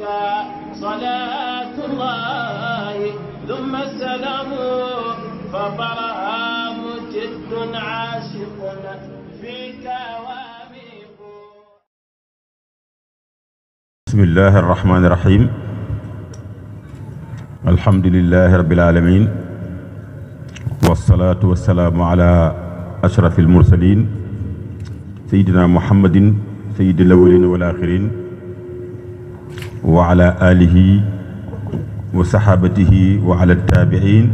عليك صلاة الله ثم السلام فبرهام جد عاشق فيك واميق بسم الله الرحمن الرحيم الحمد لله رب العالمين والصلاة والسلام على أشرف المرسلين سيدنا محمد سيد الأولين والآخرين wa ala alihi wa saxaabatihi wa ala taabiin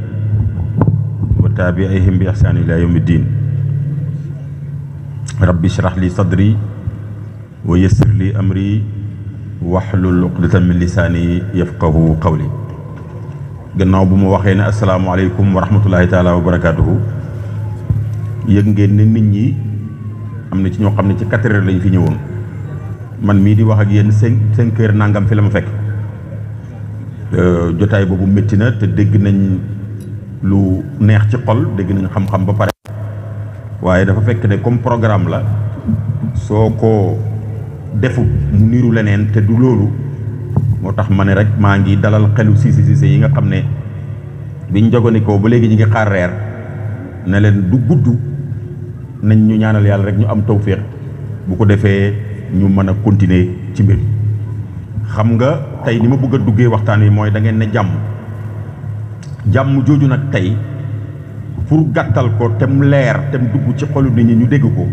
wa taabiihim bi ixsaan ila yawmi ddin rabbi ishrax li sadri wa yassir li amri waxlul uqdatan min lisaani yafqahu qawli gannaaw bu ma waxee ne asalaamaaleykum wa rahmatullahi taala wa barakaatuhu yëg ngeen ne nit ñi am na ci ñoo xam ne ci quatre heures lañ fi ñëwoon man mii di wax ak yenn cinq cinq kër nangam fi la ma fekk euh, jotaay boobu métti na te dégg nañ lu neex ci xol dégg nañ xam-xam ba pare waaye dafa fekk ne comme programme la soo ko defu mu niru leneen te du loolu moo tax ma ne rek maa ngi dalal xelu Cissé Cissé yi nga xam ne biñ jogonikoo ba léegi ñu ngi xaar ne leen du gudd nañ ñu ñaanal yàlla rek ñu am tawféex bu ko defee ñu mën a continuer ci mbir xam nga tey ni ma bëgg a duggee waxtaan wi mooy dangeen ne jàmm jàmm jooju nag tey pour gàttal ko te mu leer te mu dugg ci xolu ni ñi ñu dégg ko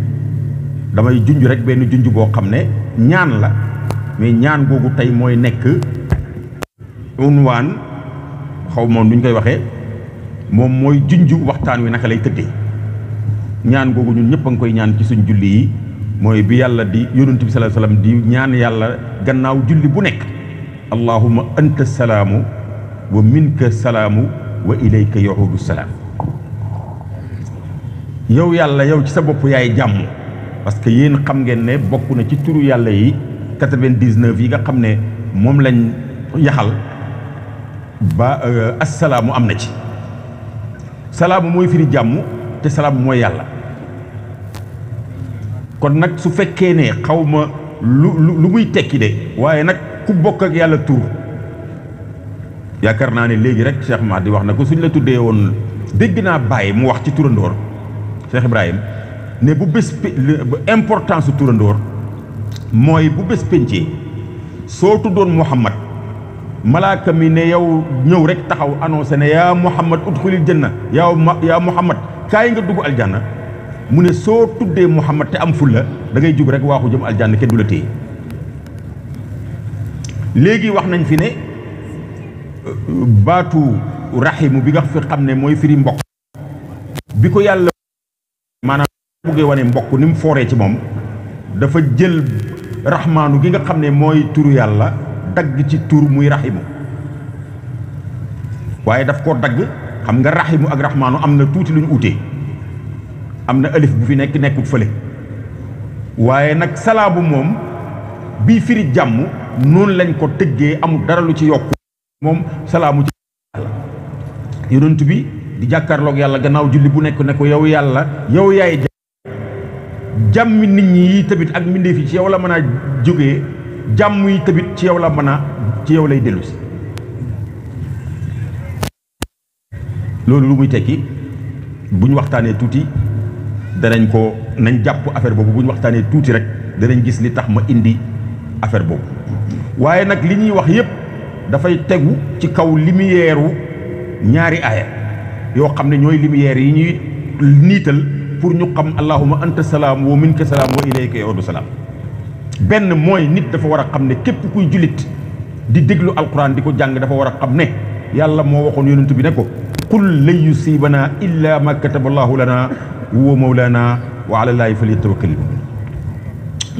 damay junj rek benn junj boo xam ne ñaan la mais ñaan googu tey mooy nekk unwaan xaw moon duñ koy waxee moom mooy junj waxtaan wi naka lay tëddee ñaan googu ñun ñëpp a ngi koy ñaan ci suñ julli yi mooy bi yàlla di yonent bi sallallahu di ñaan yàlla gannaaw julli bu nekk allahumma anta salaamu wa minka salaamu wa ilayka yahudu yàlla yow ci sa bopp yaay jàmm parce que yéen xam ngeen ne bokk na ci turu yàlla yi 99 yi nga xam ne moom lañ yaxal ba euh, assalaamu am na ci salaamu mooy firi jàmm te salaam mooy yàlla kon nag su fekkee ne xawma ma lu lu muy tekki de waaye nag ku bokk ak yàlla tur yaakaar naa ne léegi rek Cheikh di wax na ko suñ la tuddee woon dégg naa bàyyi mu wax ci turandoor Cheikh Ibrahim ne bu bés importance su turandoor mooy bu bés pencee soo tuddoon Muhammad malaaka mi ne yow ñëw rek taxaw annoncé ne yaa Muhammad udxulil janna yaa yaa Muhammad kaay nga dugg aljanna mu ne soo tuddee Muhammad te am fulla da ngay jug rek waaxu jëm aljanna kenn du la téye léegi wax nañ fi ne baatu raximu bi nga fi xam ne mooy firi mbokk bi ko yàlla maanaam buggee wane mbokk ni mu fooree ci moom dafa jël raxmaanu gi nga xam ne mooy tur yàlla dagg ci tur muy raximu waaye daf koo dagg xam nga raximu ak raxmaanu am na tuuti luñu ñu utee am na alif bu fi nekk nekkul fële waaye nag salaabu moom bii firi jàmm noonu lañ ko tëggee amul dara lu ci yokku moom salaamu ci yàlla bi di jàkkaarloog yàlla gannaaw julli bu nekk ne ko yow yàlla yow yaay jàmmi nit ñi yi tamit ak mbindeef yi ci yaw la mën jóge jàmm yi tamit ci yow la mën a ci yow lay dellu loolu lu muy tekki bu waxtaanee tuuti danañ ko nañ jàpp affaire boobu bu ñu waxtaanee tuuti rek danañ gis li tax ma indi affaire boobu waaye nag li ñuy wax yépp dafay tegu ci kaw lumière u ñaari aaya yoo xam ne ñooy lumière yi ñuy niital pour ñu xam allahuma anta salaam wa minka salaam wa ilayka yaudu salaam benn mooy nit dafa war a xam ne képp kuy jullit di déglu alquran di ko jàng dafa war a xam ne yàlla moo waxoon yonent bi ne ko qul lan yusibanaa illa ma kataba lana huwa mawlana wa ala llaahi falyatawakkal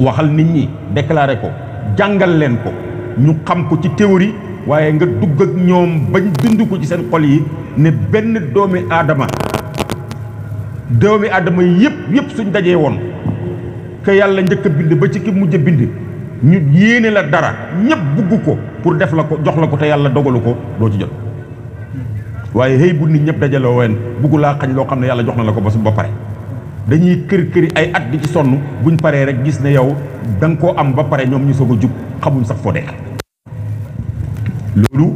waxal nit ñi déclaré ko jàngal leen ko ñu xam ko ci théorie waaye nga dugg ak ñoom bañ dund ko ci seen xol yi ne benn doomi aadama doomi aadama yi yëpp yëpp suñ dajee woon ke yàlla njëkk a bind ba ci ki mujj a bind ñu yéene la dara ñëpp bugg ko pour def la ko jox la ko te yàlla dogalu ko doo ci jot waaye xëy bu nit ñëpp dajaloo ween bugg laa xañ loo xam ne yàlla jox na la ko ba su ba pare dañuy kër këri ay at di ci sonn buñ paree rek gis ne yow danga koo am ba pare ñoom ñu soog a jub xamuñ sax foo dekk loolu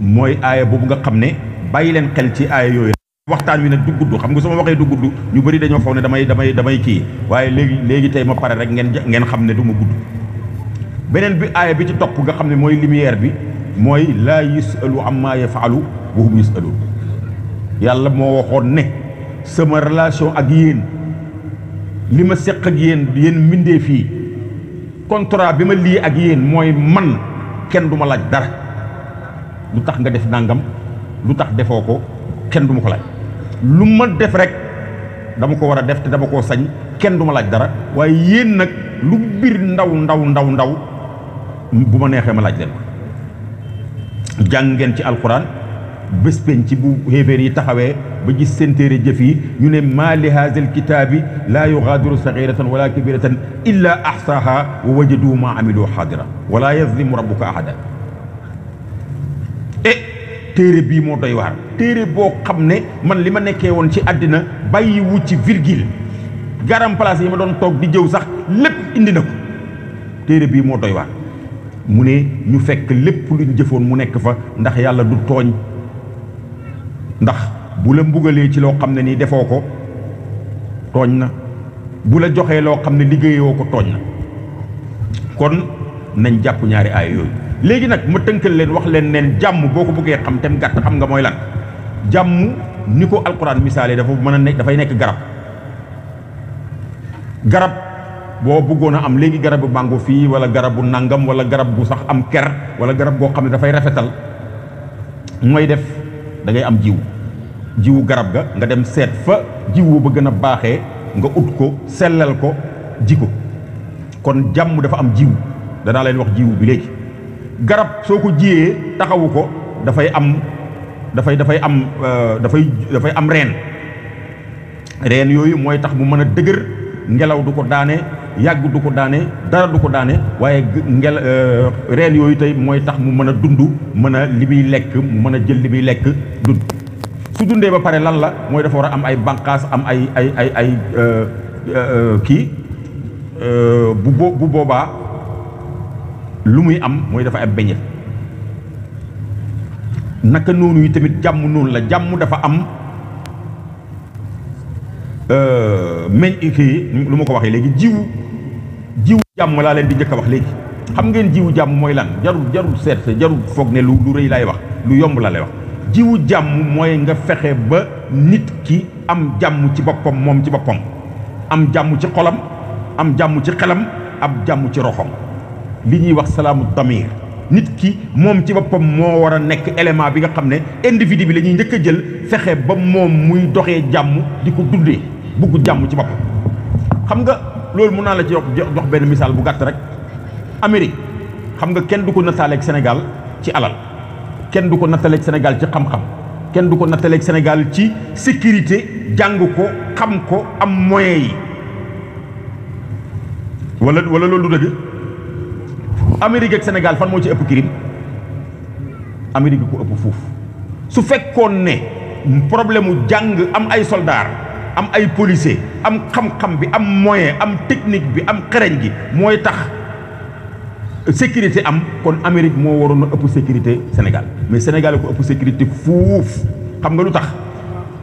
mooy aaya boobu nga xam ne bàyyi leen xel ci aaya yooyu waxtaan wi nag du gudd xam nga su ma waxee du gudd ñu bari dañoo faw ne damay damay damay kii waaye léegi léegi tey ma pare rek ngeen ngeen xam ne du ma gudd beneen bi aaya bi ci topp nga xam ne mooy lumière bi mooy laa yusalu amma yafalu wa hum yusalun yàlla moo waxoon ne sama relation ak yéen li ma seq yéen yéen mbindee fii contrat bi ma lii ak yéen mooy man kenn du ma laaj dara lu tax nga def nangam lu tax defoo ko kenn du ma ko laaj lu ma def rek dama ko war a def te dama koo sañ kenn du ma laaj dara waaye yéen nag lu biir ndaw ndaw ndaw ndaw bu ma neexee ma laaj leen ko jàng ngeen ci alxuraan bés penc ci bu xéeféer yi taxawee ba gis seen téere jëf yi ñu ne maa li haazal kitaabi laa yugaadiru saxiiratan wala kabiratan illa ahsaaha wa wajadu maa amilu xaadira wala yazlimu rabbuka ahada e téere bii moo doy waar téere boo xam ne man li ma nekkee woon ci àddina bàyyi wu ci virgule garam place yi ma doon toog di jëw sax lépp indi na ko téere bii moo doy waar mu ne ñu fekk lépp luñ jëfoon mu nekk fa ndax yàlla du tooñ ndax bu la mbugalee ci loo xam ne nii defoo ko tooñ na bu la joxee loo xam ne liggéeyoo ko tooñ na kon nañ jàpp ñaari aay yooyu léegi nag ma tënkal leen wax leen neen jàmm boo ko bëggee xam tem gàtt xam nga mooy lan jàmm ni ko alxuraan misaale dafa mën a nekk dafay nekk garab garab boo bëggoon a am léegi garabu màngo fii wala garabu nangam wala garab gu sax am ker wala garab goo xam ne dafay rafetal mooy def da ngay am jiw jiwu garab ga nga dem seet fa jiw ba gën a baaxee nga ut ko sellal ko ji ko kon jàmm dafa am jiw danaa leen wax jiwu bi léegi garab soo ko jiyee taxawu ko dafay am dafay dafay am euh, dafay dafay am reen reen yooyu mooy tax mu mën a dëgër ngelaw du ko daane yàgg du ko daane dara du ko daane waaye ngel euh, reen yooyu tey mooy tax mu mën a dund mën a li muy lekk mu mën a jël li muy lekk dund su dundee ba pare lan la mooy dafa war a am ay banqaas am ay ay ay ay euh, euh, kii bu bo boobaa lu muy am mooy dafa am beñet naka noonu yi tamit jàmm noonu la jàmm dafa am meñ kii lu ma ko waxee léegi jiw jiwu jàmm laa leen di njëkk a wax léegi xam ngeen jiwu jàmm mooy lan jarul jarul seet sa jarul foog ne lu lu rëy laay wax lu yomb laa lay wax jiwu jàmm mooy nga fexe ba nit ki am jàmm ci boppam moom ci boppam am jàmm ci xolam am jàmm ci xelam ab jàmm ci roxom li ñuy wax salaamu damir nit ki moom ci boppam moo war a nekk élément bi nga xam ne individu bi la ñuy njëkk a jël fexe ba moom muy doxee jàmm di ko dundee bugg jàmm ci boppam xam nga loolu mun naa la ci jox benn misaal bu gàtt rek Amérique xam nga kenn du ko nattaaleeg Sénégal ci alal kenn du ko nattaaleeg Sénégal ci xam kenn du ko nattaaleeg Sénégal ci sécurité jàng ko xam ko am moyens yi walla wala loolu du dëgg Amérique ak Sénégal fan moo ci ëpp crime Amérique ko ëpp fuuf su fekkoon ne problème mu jàng am ay soldats am ay policiers. am xam-xam bi am moyen am technique bi am xereñ gi mooy tax sécurité am kon Amérique moo waroon a ëpp sécurité Sénégal mais Sénégal ko ëpp sécurité fuuf xam nga lu tax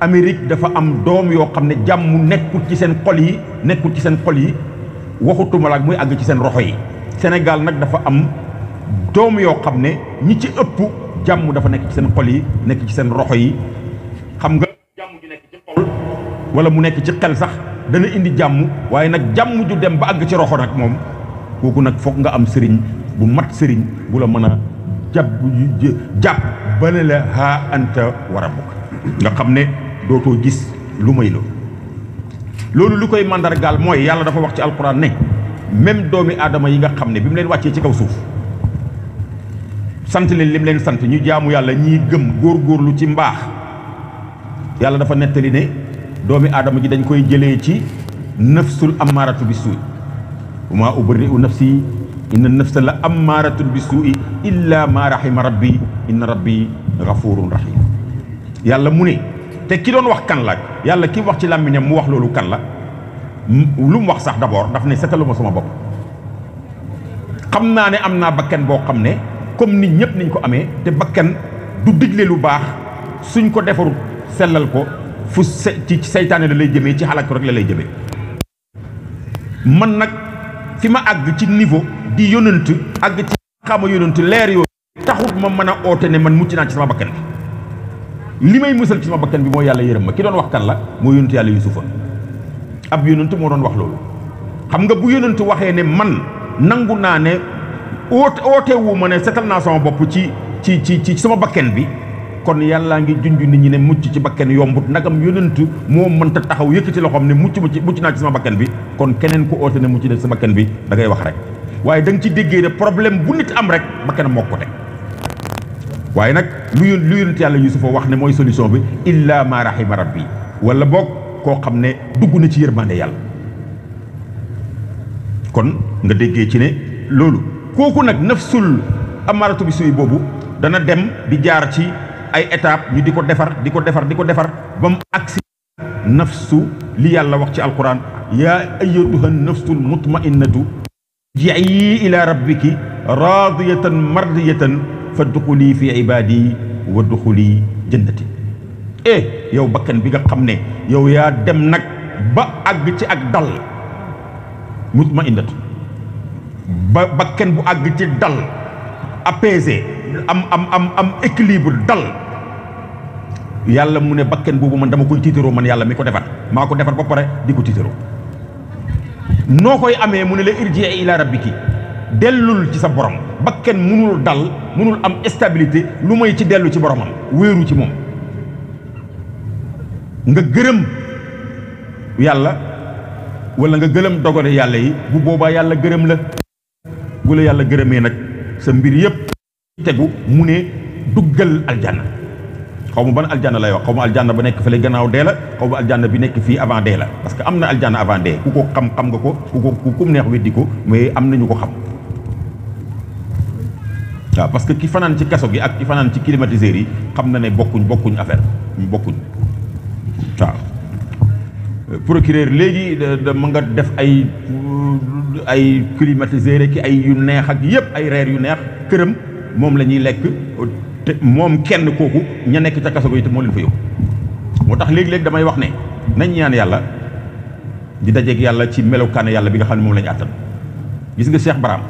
Amérique dafa am doom yoo xam ne jàmm nekkul ci seen xol yi nekkul ci seen xol yi waxutuma muy àgg ci seen roxo yi Sénégal nag dafa am doom yoo xam ne ñi ci ëpp jàmm dafa nekk ci seen xol yi nekk ci seen roxo yi xam nga jàmm ju nekk wala mu nekk ci xel sax dana indi jàmm waaye nag jàmm ju dem ba àgg ci roxo nag moom kooku nag foog nga am sëriñ bu mat sëriñ bu la mën a jàpp jàpp ba ne la haa anta war a bokk nga xam ne dootoo gis lu may loolu loolu lu koy màndargaal mooy yàlla dafa wax ci alquran ne même doomi aadama yi nga xam ne bi mu leen wàccee ci kaw suuf sant leen lim leen sant ñu jaamu yàlla ñiy gëm góor góorlu ci mbaax yàlla dafa nettali ne doomi aadama ji dañ koy jëlee ci nafsul ammaaratu bi suuy wa maa ubarri'u nafsi inna nafsa la ammaaratu bi suuy illa ma rahima rabbi inna rabbi gafurun rahim yàlla mu ne te ki doon wax kan la yàlla ki wax ci làmmiñam mu wax loolu kan la lum mu wax sax d'abord daf ne setaluma sama bopp xam naa ne am naa bakken boo xam ne comme nit ñëpp niñ ko amee te bakken du digle lu baax suñ ko defaru sellal ko fu se ci seytaane la lay jëmee ci xalaat ko rek la lay jëmee man nag fi ma àgg ci niveau di yonant àgg ci xama yonant leer yooyu taxut ma mën a oote ne man mucc naa ci sama bakken bi li may musal ci sama bakkan bi mooy yàlla yërëm ma ki doon wax kan la moo yonant yàlla yusufa ab yonant moo doon wax loolu xam nga bu yonant waxee ne man nangu naa ne oote ma ne setal naa sama bopp ci ci ci ci sama bakkan bi kon yàllaa ngi junj nit ñi ne mucc ci bakken yombut nagam yonent moo mënta taxaw yëkkati loxoom ne mucc ma ci mucc naa ci sama bakken bi kon keneen ku oote ne mucc na ci sa bakken bi da ngay wax rek waaye da ci déggee ne problème bu nit am rek bakken moo ko waaye nag lu lu yonent yàlla yusufa wax ne mooy solution bi illa ma rahima rabbi wala boog koo xam ne dugg na ci yërmande yàlla kon nga déggee ci ne loolu kooku nag nafsul amaratu bi boobu dana dem di jaar ci ay étape ñu di ko defar di ko defar di ko defar ba mu agsi nafsu li yàlla wax ci alquran yaa ayyatuha nafsul mutmainnatu ji'i ila rabbiki radiyatan mardiyatan fadxuli fi ibadi wa duxuli jannati e yow bakkan bi nga xam ne yow yaa dem nag ba àgg ci ak dal mutmainnatu ba bakkan bu àgg ci dal apaisé am am am équilibre dal yàlla mu ne bakken boobu man dama koy tiitaroo man yàlla mi ko defar maa ko defar ba pare di ko tiitaroo noo koy amee mu ne la irji ila rabbiki dellul ci sa borom bakken munul dal munul am stabilité lu may ci dellu ci boromam wéeru ci moom nga gërëm yàlla wala nga gërëm dogale yàlla yi bu boobaa yàlla gërëm la bu la yàlla gërëmee nag sa mbir yépp tegu mu ne duggal aljanna xaw ma ban aljanna lay wax xaw ma aljanna ba nekk fële gannaaw dee la xaw ma aljanna bi nekk fii avant dee la parce que am na aljanna avant dee ku ko xam xam nga ko ku ko ku mu neex weddi ko mais am nañu ko xam waaw parce que ki fanaan ci kaso gi ak ki fanaan ci climatiseur yi xam na ne bokkuñ bokkuñ affaire ñu bokkuñ waaw procureur léegi da ma nga def ay ay climatiseur ki ay yu neex ak yëpp ay reer yu neex këram moom la ñuy lekk te moom kenn kooku ña nekk ca kaso ba itam moo leen fa yóbbu moo tax léeg-léeg damay wax ne nañ ñaan yàlla di dajeeg yàlla ci melokaane yàlla bi nga xam ne moom la ñu àttan gis nga Cheikh baraam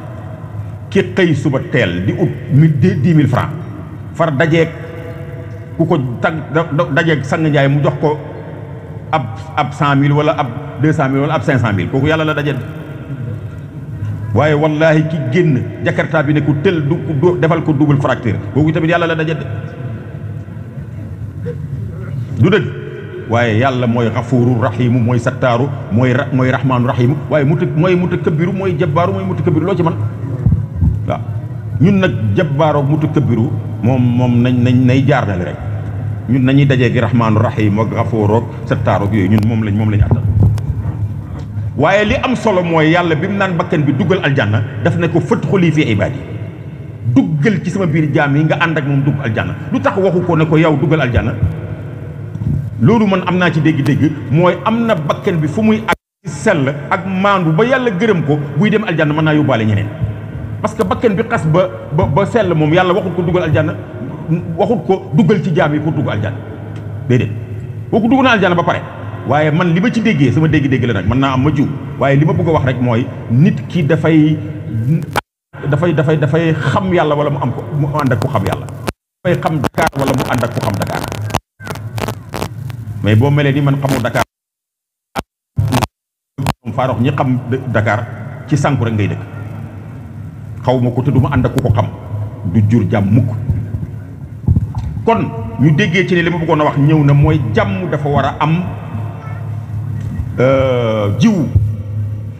ki xëy suba teel di ut mille dix mil francs far dajeeg ku ko tag dajeeg sang njaay mu jox ko ab ab cent mille wala ab deux cent mille wala ab cinq cent mille kooku yàlla la dajee waaye wallaahi ki génn jakarta bi ne ku tël du defal ko dugal double fracture kooku tamit yàlla la daje du dëgg waaye yàlla mooy xafuuru raxiimu mooy sattaaru mooy rax mooy raxmaanu raxiimu waaye muta mooy mut mutakabbiru mooy jabbaaru mooy mutakabbiru loo ci man waaw ñun nag jabbaaroo mutakabbiru moom moom nañ nañ nay jaarnale rek ñun nañuy dajee gi raxmaanu raxiim ak xafuuroog sattaaroog yooyu ñun moom lañ moom lañ àttal waaye li am solo mooy yàlla bi mu naan bakkan bi duggal aljanna daf ne ko fët xulii ay ibaad yi duggal ci sama biir jaam yi nga ànd ak moom dugg aljanna lu tax waxu ko ne ko yow duggal aljanna loolu man am naa ci dégg-dégg mooy am na bakken bi fu muy ak sell ak maandu ba yàlla gërëm ko buy dem aljanna mën naa yóbbaale ñeneen parce que bakkan bi xas ba ba ba sell moom yàlla waxut ko duggal aljanna waxut ko dugal ci jaam yi pour dugg aljanna déedéet boo ko dugg na aljanna ba pare waaye man li ma ci déggee sama dégg-dégg la nag mën naa am ma jiw waaye li ma bëgg a wax rek mooy nit ki dafay dafay dafay dafay xam yàlla wala mu am ko mu ànd ak ku yàlla dafay xam wala mu ànd ak ku boo melee ni man xamoo Dakar faarox ñi xam Dakar ci sànku rek ngay dëkk xaw ma ko te du ma ànd ak ku ko xam du jur jàmm mukk kon ñu déggee ci ne li ma bëggoon a wax ñëw na mooy jàmm dafa war a am Euh, jiwu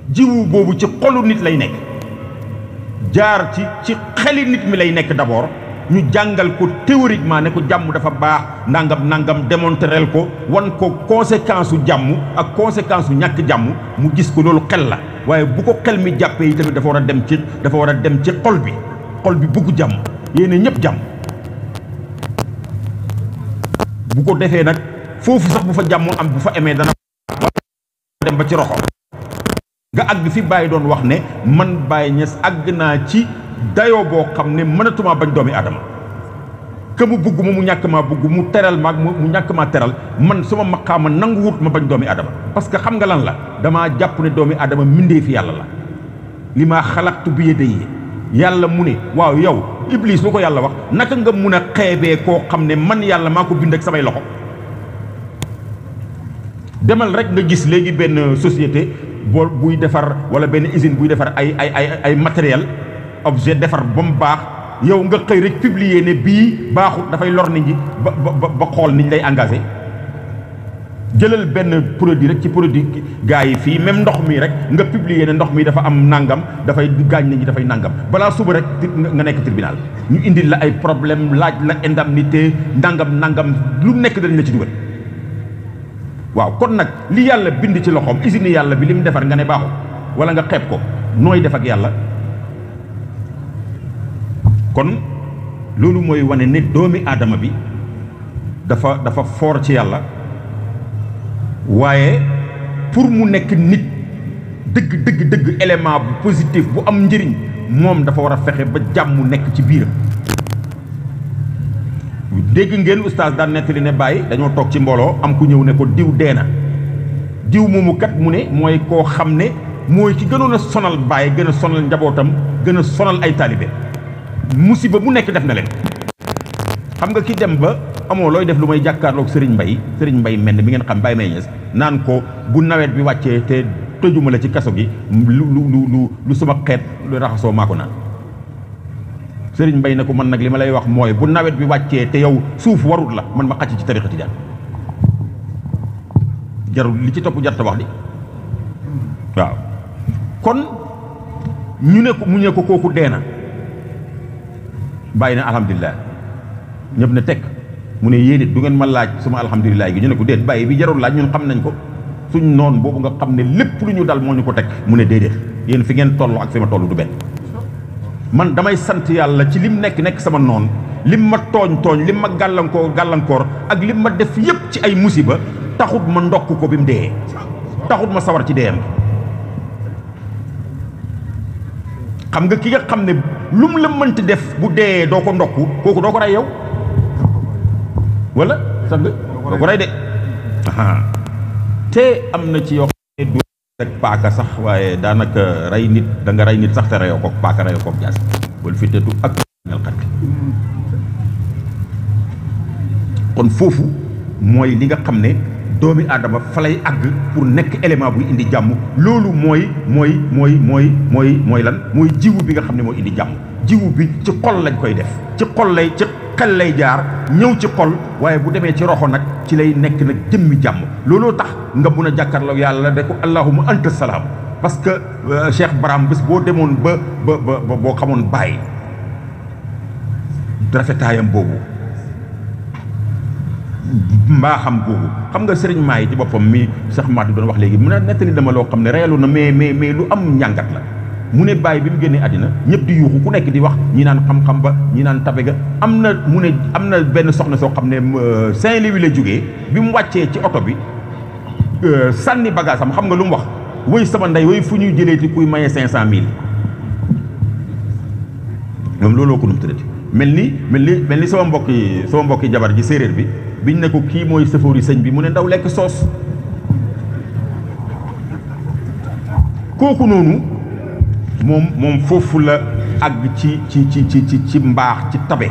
jiwu boobu ci xolu nit lay nekk jaar ci ci xeli nit mi lay nekk d'abord ñu jàngal ko théoriquement ne ko jàmm dafa baax nangam nangam démontrel ko wan ko conséquence su jàmm ak conséquence su ñàkk jàmm mu gis ko loolu xel la waaye bu ko xel mi jàppee yi tamit dafa war a dem ci dafa war a dem ci xol bi xol bi bugg jàmm yéene ñëpp jàmm bu ko defee nag foofu sax bu fa jàmmoon am bu fa amee dana dem ba ci nga àgg fi bàyyi doon wax ne man bàyyi Niass àgg naa ci dayoo boo xam ne mënatumaa bañ doomi aadama que mu bugg ma mu ñàkk maa bugg mu teral maag mu ñàkk maa teral man sama maqaama nanguwut ma bañ doomi aadama parce que xam nga lan la damaa jàpp ne doomi aadama mindee fi yàlla la li ma xalaqtu bi yadayya yàlla mu ne waaw yow iblis lu ko yàlla wax naka nga mun a xeebee koo xam ne man yàlla maa ko bind ak samay loxo demal rek nga gis léegi benn société boo buy defar wala benn usine buy defar ay ay ay ay matériel objet defar ba mu baax yow nga xëy rek publier ne bii baaxut dafay lor ni ñi ba ba ba xool nit ñi lay engagé jëlal benn produit rek ci produit gars yi fii même ndox mii rek nga publier ne ndox mi dafa am nangam dafay gaañ ni ñi dafay nangam balaa suba rek nga nekk tribunal ñu indi la ay problème laaj la te nangam nangam lu nekk dañ la ci dugal. waaw kon nag li yàlla bind ci loxoom usine yàlla bi li mu defar nga ne baaxul wala nga xeeb ko nooy def yàlla kon loolu mooy wane ne doomi aadama bi dafa dafa foor ci yàlla waaye pour mu nekk nit dëgg dëgg dëgg élément bu positif bu am njëriñ moom dafa war a fexe ba jàmm nekk ci biiram dégg ngeen oustaz daan nettali ne bàyyi dañoo toog ci mbooloo am ku ñëw ne ko diw dee na diw moomu kat mu ne mooy koo xam ne mooy ki gënoon a sonal bàyyi gën a sonal njabootam gën sonal ay taalibe musiba mu nekk def na leen xam nga ki dem ba amoo looy def lu may jàkkaarloog Serigne mbay Serigne mbay mel mi ngeen xam Baye Mbaye Niass naan ko bu nawet bi wàccee te tëjuma la ci kaso gi lu lu lu lu sama xeet lu raxasoo maa ko naan sëriñ bay na ko man nag li ma lay wax mooy bu nawet bi wàccee te yow suuf warut la man ma xàcc ci tarixa tijaan li ci topp jarta wax di waaw kon ñu ne mu ne ko kooku dee na bàyyi na alhamdulilah ñëpp ne teg mu ne yéen it du ngeen ma laaj suma alhamdulilah gi ñu ne ko déet bàyyi bi jarul laaj ñun xam nañ ko suñ noon boobu nga xam ne lépp lu ñu dal moo ñu ko teg mu ne déedéet yéen fi ngeen toll ak fi ma toll du benn man damay sant yàlla ci lim nekk nekk sama noon lim ma tooñ tooñ lim ma gàllankoor gàllankoor ak lim ma def yëpp ci ay musiba taxut ma ndokk ko bi mu dee taxut ma sawar ci deeyam xam nga ki nga xam ne lu mu la mënti def bu dee doo ko ndokk kooku doo ko rey yow walla sang doo ko rey de te am na ci yoo teg paaka sax waaye daanaka rey nit da rey nit sax te reyoo paaka reyoo koog jaas wal fitnatu ak kon foofu mooy li nga xam ne doomi aadama fa lay àgg pour nekk élément buy indi jàmm loolu mooy mooy mooy mooy mooy mooy lan mooy jiwu bi nga xam ne mooy indi jàmm jiwu bi ci xol lañ koy def ci xol lay ci xel lay jaar ñëw ci xol waaye bu demee ci roxo nag ci lay nekk nag jëmmi jàmm looloo tax nga mun a jàkkaarloo yàlla de ko allahuma anta salaam parce que euh, Cheikh Baram bés boo demoon ba ba ba boo xamoon bàyyi rafetaayam boobu mbaa xam boobu xam nga sëriñ maa yi ci boppam mi Cheikh Maat doon wax léegi mun a nettali dama loo xam ne reelu na mais mais mais lu am njàngat la mu ne bàyyi bi mu génnee àddina ñëpp di yuuxu ku nekk di wax ñi naan xam-xam ba ñi naan tabe ga am na mu ne am na benn soxna soo xam ne euh, Saint-Louis la jógee bi mu wàccee ci oto bi euh, sànni bagage am xam nga lu mu wax wéy sama ndey wéy fu ñu jëlee ci kuy maye cinq cent mille moom looloo ko num tëddati mel ni mel ni mel ni sama mbokki sama mbokki jabar ji séeréer bi biñ ne ko kii mooy sëfóori sëñ bi mu ne ndaw lekk soos kooku noonu moom moom foofu la àgg ci ci ci ci ci mbaax ci tabe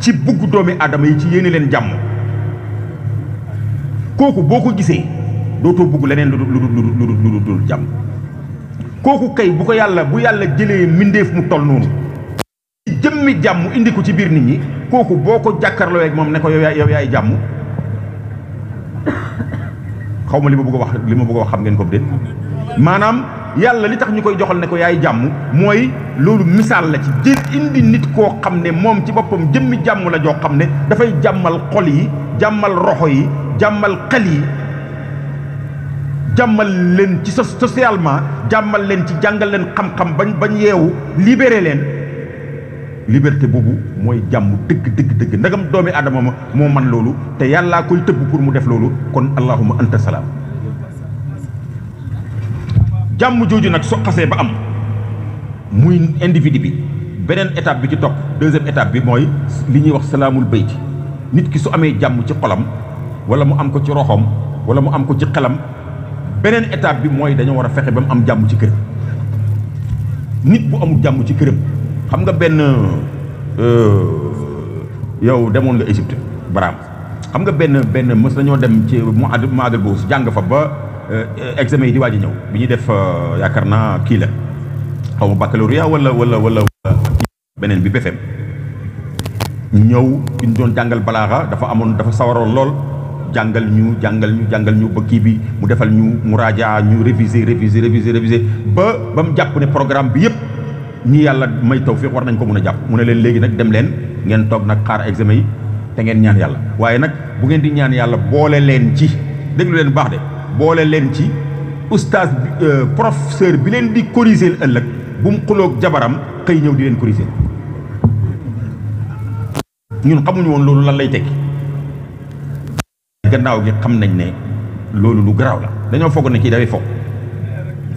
ci bugg doomi aadama yi ci yéene leen jàmm kooku boo ko gisee dootoo bugg leneen lu lu lu lu dul jàmm kooku kay bu ko yàlla bu yàlla jëlee mbindeef mu toll noonu ci jëmmi jàmm indi ko ci biir nit ñi kooku boo ko jàkkaarloo moom ne ko yow yaay yow jàmm xaw ma li ma bëgg a wax li ma bëgg a wax xam ngeen ko déet maanaam yàlla li tax ñu koy joxal ne ko yaay jàmm mooy loolu misaal la ci jël indi nit koo xam ne moom ci boppam jëmmi jàmm la joo xam ne dafay jàmmal xol yi jàmmal roxo yi jàmmal xel yi jàmmal leen ci socialement jàmmal leen ci jàngal leen xam-xam bañ bañ yeewu libéré leen liberté boobu mooy jàmm dëgg dëgg dëgg ndagam doomi aadama ma moo man loolu te yàllaa koy tëbb pour mu def loolu kon allahuma anta salaam jàmm jooju nag soqasee ba am muy individu bi beneen étape bi ci topp deuxième étape bi mooy li ñuy wax salaamul bayti nit ki su amee jàmm ci xolam wala mu am ko ci roxoom wala mu am ko ci xelam beneen étape bi mooy dañoo war a fexe ba mu am jàmm ci këram nit bu amul jàmm ci këram xam nga benn euh, yow demoon nga Égypte baraam xam nga benn benn mës nañoo dem ci mu adal boobu jàng fa ba Euh, examen yi di waaj a ñëw bi ñuy def euh, yaakaar naa kii la xaw ma baccalauréat wala wala wala beneen bi BFEM ñëw ki doon jàngal balaaxa dafa amoon dafa sawaroon lool jàngal ñu jàngal ñu jàngal ñu ba kii bi mu defal ñu muraajaa ñu réviser réviser réviser réviser ba ba mu jàpp ne programme bi yëpp ñi yàlla may tawfiq war nañ ko mun a jàpp mu ne leen léegi nag dem leen ngeen toog nag xaar examen yi te ngeen ñaan yàlla waaye nag bu ngeen di ñaan yàlla boole leen ci déglu leen baax de boole leen ci oustaz euh, professeur bi leen di corriger ëllëg bu mu xuloog jabaram xëy ñëw di leen corriger ñun xamuñu woon loolu lan lay tekki gannaaw gi xam nañ ne loolu lu garaaw la dañoo foog ne kii dafay foog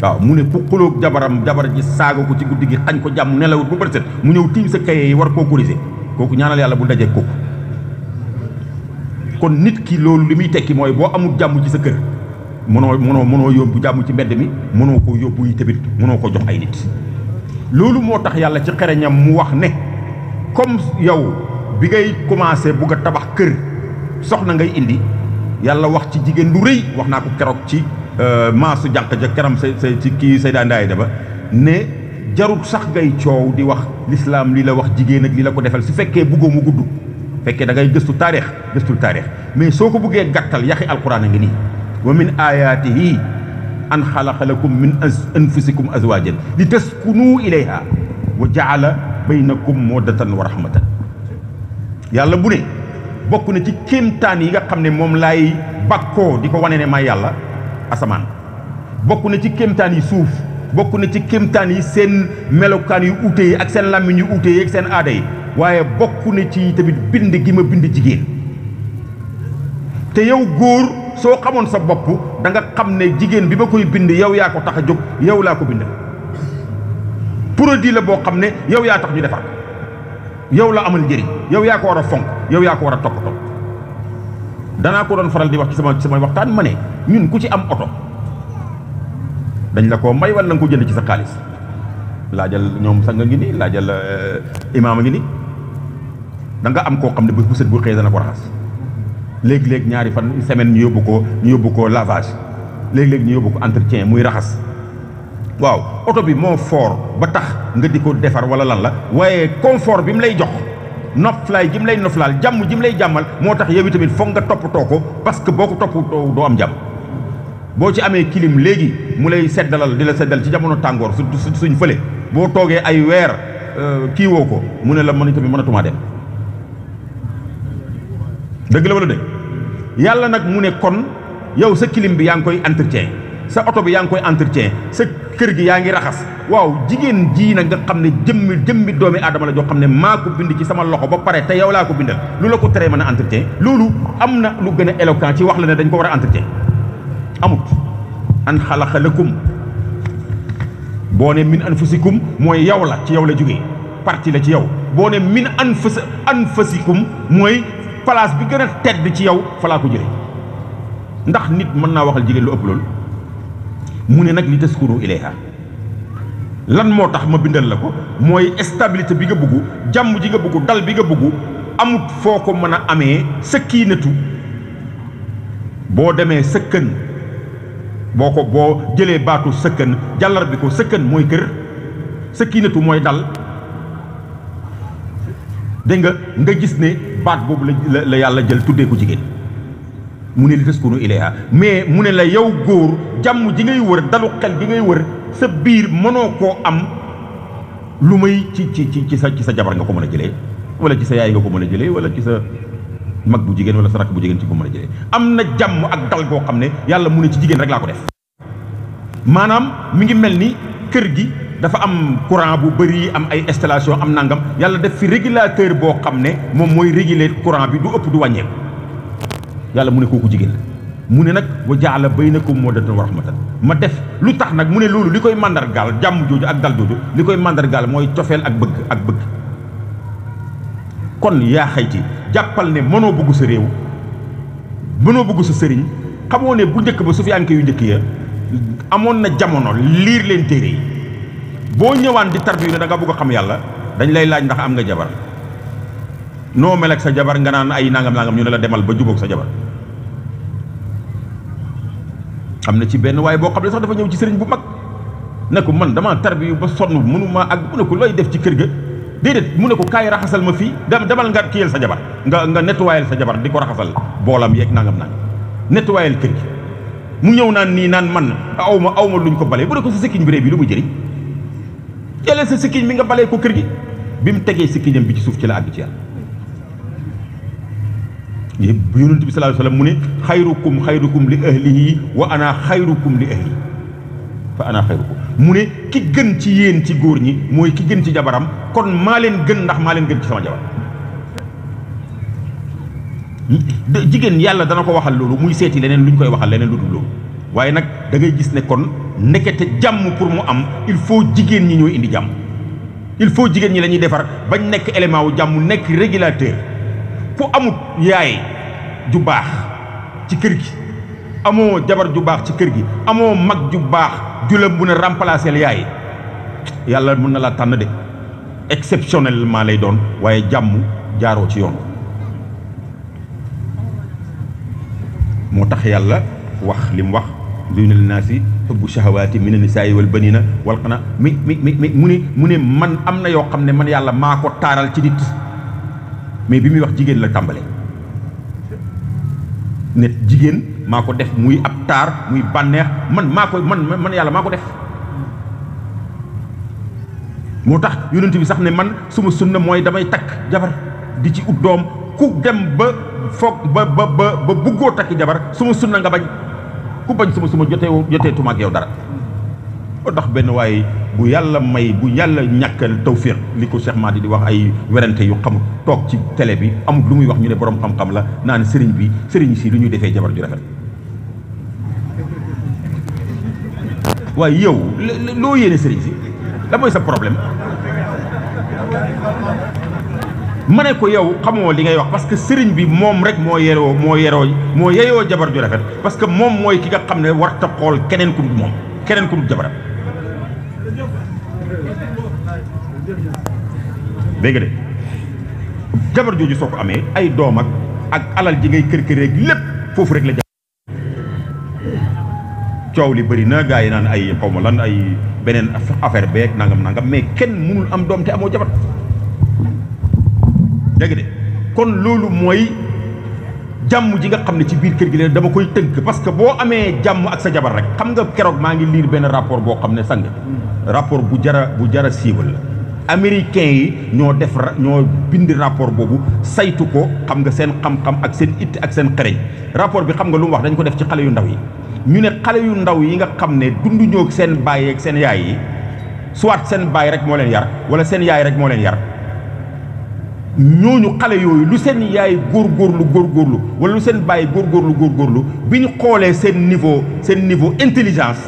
waaw mu ne ku xuloog jabaram jabar ji saaga ko ci guddi gi xañ ko jàmm nelawut bu bët set mu ñëw tiim sa kaye yi war koo corriger kooku ñaanal yàlla bu dajee kooku kon nit ki loolu li muy tekki mooy boo amul jàmm ci sa kër mënoo mënoo mënoo yóbbu jàmm ci mbedd mi mënoo koo yóbbu yi tamit mënoo ko jox ay nit loolu moo tax yàlla ci xereñam mu wax ne comme yow bi ngay commencé bugg a tabax kër soxna ngay indi yàlla wax ci jigéen lu rëy wax naa ko keroog ci euh, maasu janq ja keram sa sa ci kii say daandaay da ba ne jarut sax ngay coow di wax lislaam li la wax jigéen ak li la ko defal su fekkee buggoo mu gudd fekkee dangay ngay gëstu taarix gëstul taarix mais soo ko buggee gàttal yaxi alquran a ngi nii wa min ayaatihi an xalaqa lakum min anfusikum azwaajan li taskunu ilayha wa jaala baynakum moodatan wa rahmatan yàlla bu ne bokk na ci kéemtaan yi nga xam ne moom laay bakkoo di ko wane ne yàlla asamaan bokk na ci kéemtaan yi suuf bokk na ci kéemtaan yi seen melokaan yu uute ak seen làmmiñ yu uute yi ak seen aada yi waaye bokk na ci tamit bind gi ma bind jigéen te yow góor soo xamoon sa bopp danga xam ne jigéen bi ba koy bind yow yaa ko tax a jóg yow laa ko bind produit la boo xam ne yow yaa tax ñu defar yow la amal njëriñ yow yaa ko war a fonk yow yaa ko war a toppatoo danaa ko doon faral di wax ci sama samay waxtaan ma ne ñun ku ci am oto dañ la koo may wala nga ko jënd ci sa xaalis laajal ñoom sanga ngi nii laajal euh, imaama ngi nii da am koo xam ne bu set bu xëy dana ko raxas léegi léeg ñaari fan semaine ñu yóbbu ko ñu yóbbu ko lavage léegi léeg ñu yóbbu ko entretien muy raxas waaw oto bi moo fort ba tax nga di ko defar wala lan la waaye confort bi mu lay jox noflaay ji mu lay noflaal jàmm ji mu lay jàmmal moo tax yow tamit foog nga toppatoo ko parce que boo ko toppatoo doo am jàmm boo ci amee kilim léegi mu lay seddalal di la seddal ci jamono tàngoor su suñ fële boo toogee ay weer euh, kiiwoo ko mu ne la mën tamit mënatumaa dem dëgg la wala yàlla nag mu ne kon yow sa kilim bi yaa ngi koy entretien sa oto bi yaa ngi koy entretien sa kër gi yaa ngi raxas waaw jigéen jii nag nga xam ne jëmmi jëmmi doomi aadama la joo xam ne maa ko bind ci sama loxo ba pare te yow laa ko bindal lu la ko teree mën a entretien loolu am na lu gën a éloquent ci wax la ne dañ ko war a entretien amut an xalaqa lakum boo ne min anfusikum mooy yow la ci yow la jógee parti la ci yow boo ne min anfus anfasikum mooy place bi gën a tedd ci yow fa laa ko jëlee ndax nit mën naa waxal jigéen lu ëpp loolu mu ne nag li taskunu ilayha lan moo tax ma bindal la ko mooy stabilité bi nga bëggu jàmm ji nga bëggu dal bi nga bëggu amut foo ko mën a amee sëkkiinatu boo demee sëkkën boo ko boo jëlee baatu sëkkën jàllar bi ko sëkkën mooy kër sëkkiinatu mooy dal dégg nga nga gis ne baat boobu la la yàlla jël tuddee ko jigéen mu ne li taskunu ilayha mais mu ne la yow góor jàmm ji ngay wër dalu xel bi ngay wër sa biir mënoo koo am lu may ci ci ci ci sa sa jabar nga ko mën a jëlee wala ci sa yaay nga ko mën a jëlee wala ci sa mag bu jigéen wala sa rakk bu jigéen ci ko mën a jëlee am na jàmm ak dal goo xam ne yàlla mu ne ci jigéen rek laa ko def maanaam mi ngi mel ni kër gi dafa am courant bu bëri am ay installation am nangam yàlla def fi régulateur boo xam ne moom mooy réguler courant bi du ëpp du wàññeeku yàlla mu ne kooku jigéen la mu ne nag bay jaala baynakum mawaddatan wa rahmatan ma def lu tax nag mu ne loolu li koy màndargaal jàmm jooju ak dal li koy mandargaal mooy cofeel ak bëgg ak bëgg kon yaa ci jàppal ne mënoo bëgg sa réew mënoo bëgg sa sëriñ xamoo ne bu njëkk ba su fi anke yu njëkk ya amoon na jamono liir leen boo ñëwaan di tarbiyu ne da nga bëgg a xam yàlla dañ lay laaj ndax am nga jabar noo mel ak sa jabar nga naan ay nangam nangam ñu ne la demal ba jubóog sa jabar xam na ci benn waaye boo xam ne sax dafa ñëw ci sëriñ bu mag ne ko man damaa tarbiyu ba sonn mënuma ak mu ne ko looy def ci kër ga déedéet mu ne ko kaay raxasal ma fii dem demal nga kiyal sa jabar nga nga nettoyal sa jabar di ko raxasal boolam yeeg nangam nangam nettoyal kër gi mu ñëw naan nii naan man awma awma luñ ko balee bu ne ko sa bi bi lu mu jëlee sa sikkiñ mi nga balee ko kër gi bi mu tegee sikkiñam bi ci suuf ci la àgg ci yàlla yonent bi sallallahu mu ne xayrukum xayrukum li ahlihi wa ana xayrukum li ahli fa ana xayrukum mu ne ki gën ci yéen ci góor ñi mooy ki gën ci jabaram kon maa leen gën ndax maa leen gën ci sama jabar jigéen yàlla dana ko waxal loolu muy seeti leneen lu ñu koy waxal leneen lu dul loolu waaye nag da ngay gis ne kon ndekete jàmm pour mu am il faut jigéen ñi ñooy indi jàmm il faut jigéen ñi lañuy defar bañ nekk élément wu jàmm nekk régulateur ku amut yaay ju baax ci kër gi amoo jabar ju baax ci kër gi amoo mag ju baax ju la mun a remplacer yaay yàlla mun na laa tànn de exceptionnellement lay doon waaye jàmm jaaroo ci yoon moo tax yàlla wax li mu wax zuyna linnaasi xubbu shahawaati mina nisaa'i wal baniina wal qana mi mi mi mi mu ne mu ne man am na yoo xam ne man yàlla maa ko taaral ci nit mais bi muy wax jigéen la tàmbale ne jigéen maa ko def muy ab taar muy bànneex man maa koy man man yàlla maa ko def moo tax yonent bi sax ne man suma sunna mooy damay takk jabar di ci ut doom ku dem ba foog ba ba ba buggoo takk jabar suma sunna nga bañ ku bañ suma suma jotee jotee tuma ak yow dara moo tax benn waaye bu yàlla may bu yàlla ñàkkal tawfiq li ko Cheikh Madi di wax ay werante yu xam toog ci télé bi am lu muy wax ñu ne borom xam-xam la naan sëriñ bi sëriñ si lu ñu defee jabar ju rafet waaye yow loo yéene sëriñ si la mooy sa problème ma ne ko yow xamoo li ngay wax parce que sëriñ bi moom rek moo yeroo moo yeroo moo yeyoo jabar ju rafet parce que moom mooy ki nga xam ne war ta xool keneen ku dul moom keneen ku dul jabaram dégg de jabar jooju soo ko amee ay doom ak ak alal ji ngay kër kër rek lépp foofu rek la ja coow li bëri na gaa yi naan ay xaw ma lan ay beneen affaire beeg nangam nangam mais kenn mënul am doom te amoo jabar dégg de kon loolu mooy jàmm ji nga xam ne ci biir kër gi la dama koy tënk parce que boo amee jàmm ak sa jabar rek xam nga keroog maa ngi liir benn rapport boo xam ne sang rapport bu jara bu jara siiwal la américain yi ñoo def ñoo bind rapport boobu saytu ko xam nga seen xam-xam ak seen it ak seen xereñ rapport bi xam nga lu mu wax dañ ko def ci xale yu ndaw yi ñu ne xale yu ndaw yi nga xam ne dundu ñoo seen baay ak seen yaay yi soit seen baay rek moo leen yar wala seen yaay rek moo leen yar ñooñu xale yooyu lu seen yaay góor góorlu wala lu seen bàyyi góor góorlu bi ñu xoolee seen niveau seen niveau intelligence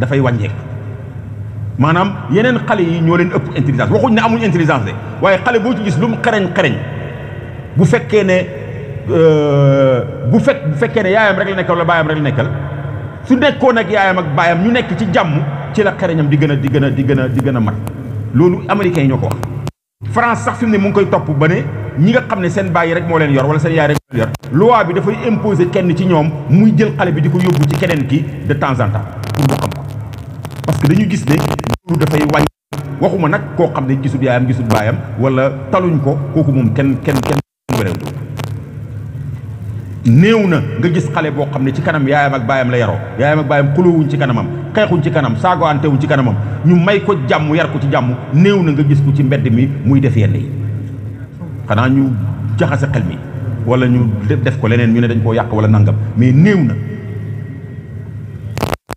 dafay wàññeeku maanaam yeneen xale yi ñoo leen ëpp intelligence waxuñ ne amuñ intelligence de waaye xale boo ci gis lu mu xereñ xereñ bu fekkee ne euh, bu fekk bu fekkee ne yaayam rek la nekkal wala baayam rek la nekkal su nekkoon ak yaayam ak baayam ñu nekk ci jàmm ci la xereñam di gën a di gën a di gën a di gën a mat loolu américains yi ñoo ko wax. France sax su mu ne mu ngi koy topp ba ne ñi nga xam ne seen bàyyi rek moo leen yor wala seen yaay rek moo leen yor loi bi dafay imposer kenn ci ñoom muy jël xale bi di ko yóbbu ci keneen ki de temps en temps pour mu xam ko parce que dañu gis ne loolu dafay wàññi waxuma nag koo xam ne gisul yaayam gisul baayam wala taluñ ko kooku moom kenn kenn kenn werewul néew na nga gis xale boo xam ne ci kanam yaayam ak baayam la yaroo yaayam ak baayam xulóowuñ ci kanamam xeexuñ ci kanam saago antewuñ ci kanamam ñu may ko jàmm yar ko ci jàmm néew na nga gis ko ci mbedd mi muy def yenn yi xanaa ñu jaxase xel mi wala ñu def ko leneen ñu ne dañ koo yàq wala nangam mais néew na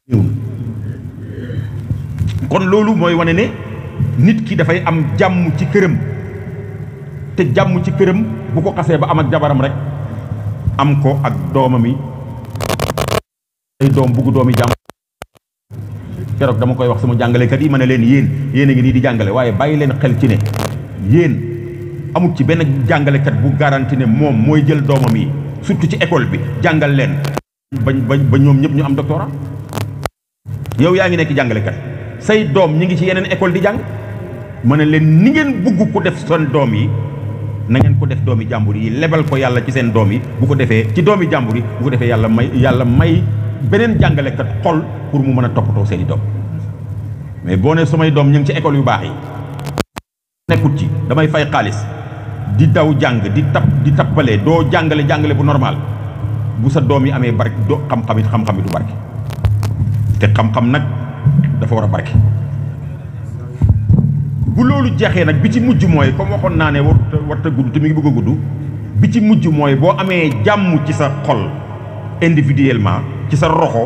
néew na kon loolu mooy wane ne nit ki dafay am jàmm ci këram te jàmm ci këram bu ko xasee ba am ak jabaram rek am ko ak doomam yi ay doom bugg doomi jàmm keroog dama koy wax sama jàngalekat yi ma ne leen yéen yéen a ngi nii di jàngale waaye bàyyi leen xel ci ne yéen amul ci benn jàngalekat bu garanti ne moom mooy jël doomam yi surtout ci école bi jàngal leen ba ba ñoom ñëpp ñu am doctorat yow yaa ngi nekk jàngalekat say doom ñu ngi ci yeneen école di jàng ma ne leen ni ngeen bugg ku def seen doom yi nangeen ko def doomi jàmbur yi lebal ko yàlla ci seen doom yi bu ko defee ci doomi jàmbur yi bu ko defee yàlla may yàlla may beneen jàngalekat xol pour mu mën a toppatoo seen i doom mais boo ne samay doom ñu ngi ci école yu baax yi nekkut ci damay fay xaalis di daw jàng di tap di tappalee doo jàngale jàngale bu normal bu sa doom yi amee barke doo xam-xam it xam-xam it barke te xam-xam nag dafa war a barke bu loolu jeexee nag bi ci mujj mooy comme waxoon naa ne war warta gudd te mi ngi bëgg a gudd bi ci mujj mooy boo amee jàmm ci sa xol individuellement ci sa roxo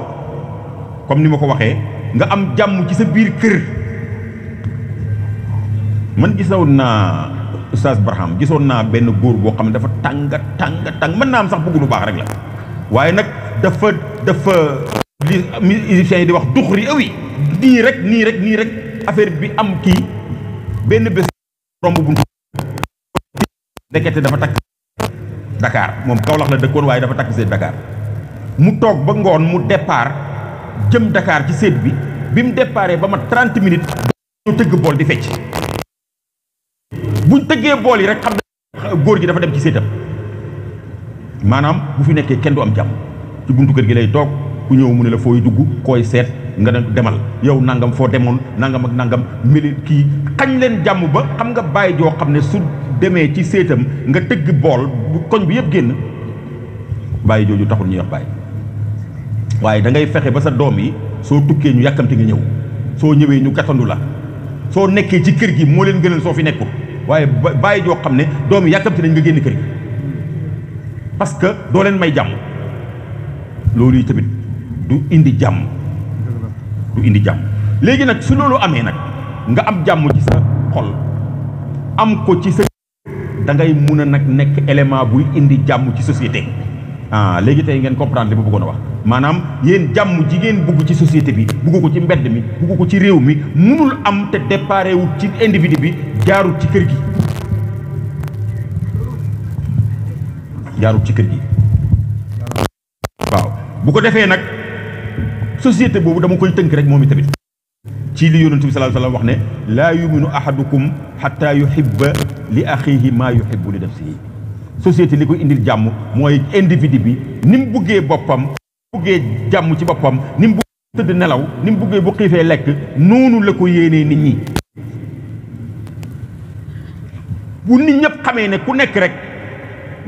comme ni ma ko waxee nga am jàmm ci sa biir kër man gisoon naa Oustaz Barham gisoon naa benn góor boo xam ne dafa tàng tàng tàng mën naa am sax bëgg lu baax rek la waaye nag dafa dafa li égyptiens yi di wax duxuri awi nii rek nii rek nii rek affaire bi am kii benn bés romb buntu ndekete dafa takk dakaar moom Kaolack la dëkkoon waaye dafa takk seet Dakar mu toog ba ngoon mu départ jëm dakaar ci seet bi bi mu déparé ba ma trent minutes ñu tëgg bool di fecc buñ tëggee bool yi rek xam na góor gi dafa dem ci seetam maanaam bu fi nekkee kenn du am jàmm ci buntu kër gi lay toog ku ñëw mu ne la fooy dugg koy seet nga ne demal yow nangam foo demoon nangam ak nangam meli kii xañ leen jàmm ba xam nga bàyyi joo xam ne su demee ci seetam nga tëgg bool koñ bi yëpp génn bàyyi jooju taxul ñu wax bàyyi waaye dangay fexe ba sa doom yi soo tukkee ñu yàkkamte nga ñëw soo ñëwee ñu gàttandu la soo nekkee ci kër gi moo leen gënal soo fi nekkul waaye bàyyi joo xam ne doom yi nañ nga génn kër gi parce que doo leen may jàmm loolu yi tamit du indi jàmm du indi jàmm léegi nag su loolu amee nag nga am jàmm ci sa xol am ko ci sa dangay mun a nag nekk élément buy indi jàmm ci société ah léegi tey ngeen comprendre li ma bëggoon a wax maanaam yéen jàmm jigéen bugg ci société bi bugg ko ci mbedd mi bugg ko ci réew mi munul am te déparé wut ci individu bi jaarut ci kër gi jaarut ci kër gi waaw bu ko defee nag société boobu dama koy tënk rek moom itamit ci li yonent bi sallallahu wax ne laa yuminu ahadukum xatta yuhibba li axihi maa yuhibbu li société li koy indil jàmm mooy individu bi ni mu buggee boppam buggee jàmm ci boppam ni mu buggee tëdd nelaw ni mu buggee bu xiifee lekk noonu la ko yéenee nit ñi bu nit ñëpp xamee ne ku nekk rek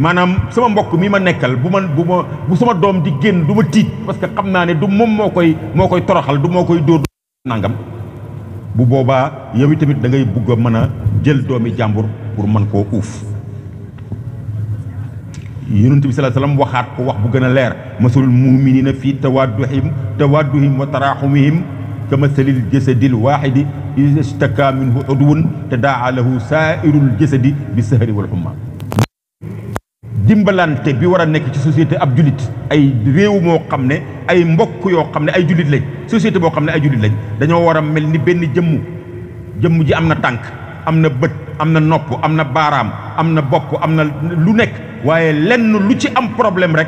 maanaam sama mbokk mii ma nekkal bu ma bu ma bu sama doom di génn du ma tiit parce que xam naa ne du moom moo koy moo koy toroxal du moo koy dóor nangam bu boobaa yow tamit da ngay bugg a mën a jël doomi jàmbur pour mën koo uuf yonent bi sallallahu alayhi wasallam waxaat ko wax bu gën a leer masalul muminina fii tawadduhim tawadduhim wa taraxumihim ka masalil jasadil waaxidi istaka minhu udwun te daa lahu saairul jasadi bi sahari wal humma dimbalante bi war a nekk ci société ab jullit ay réew moo xam ne ay mbokk yoo xam ne ay jullit lañ société boo xam ne ay jullit lañ dañoo war a mel ni benn jëmm jëmm ji am na tànk am na bët am na nopp am na baaraam am na bopp am na lu nekk waaye lenn lu ci am problème rek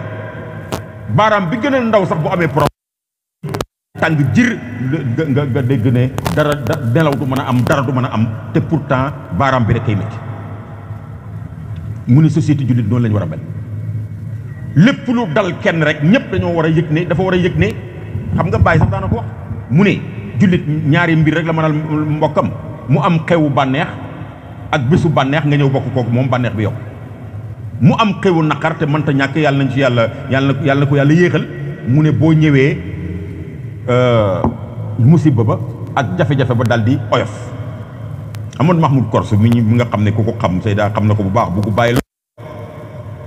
baaraam bi gën a ndaw sax bu amee problème tànk jir nga nga nelaw du mën a am dara du mën a am te pour temps baaraam bi rek kay métti mu ne société jullit noonu la war a mel lépp lu dal kenn rek ñëpp dañoo war a yëg ne dafa war a yëg ne xam nga bàyyi sax daana ko mu ne jullit ñaari mbir rek la mënal mbokkam mu am xewu bànneex ak bésu bànneex nga ñëw bokk kooku moom bànneex bi yow mu am xewu naqar te mënta ñàkk yàlla nañ ci yàlla yàlla yàlla na ko yàlla yéexal mu ne boo ñëwee euh, musiba ba ak jafe-jafe ba daal di oyof Amadou Mahmoud Korso mi mi nga xam ne ku ko xam Seyda xam na ko bu baax bu ko bàyyi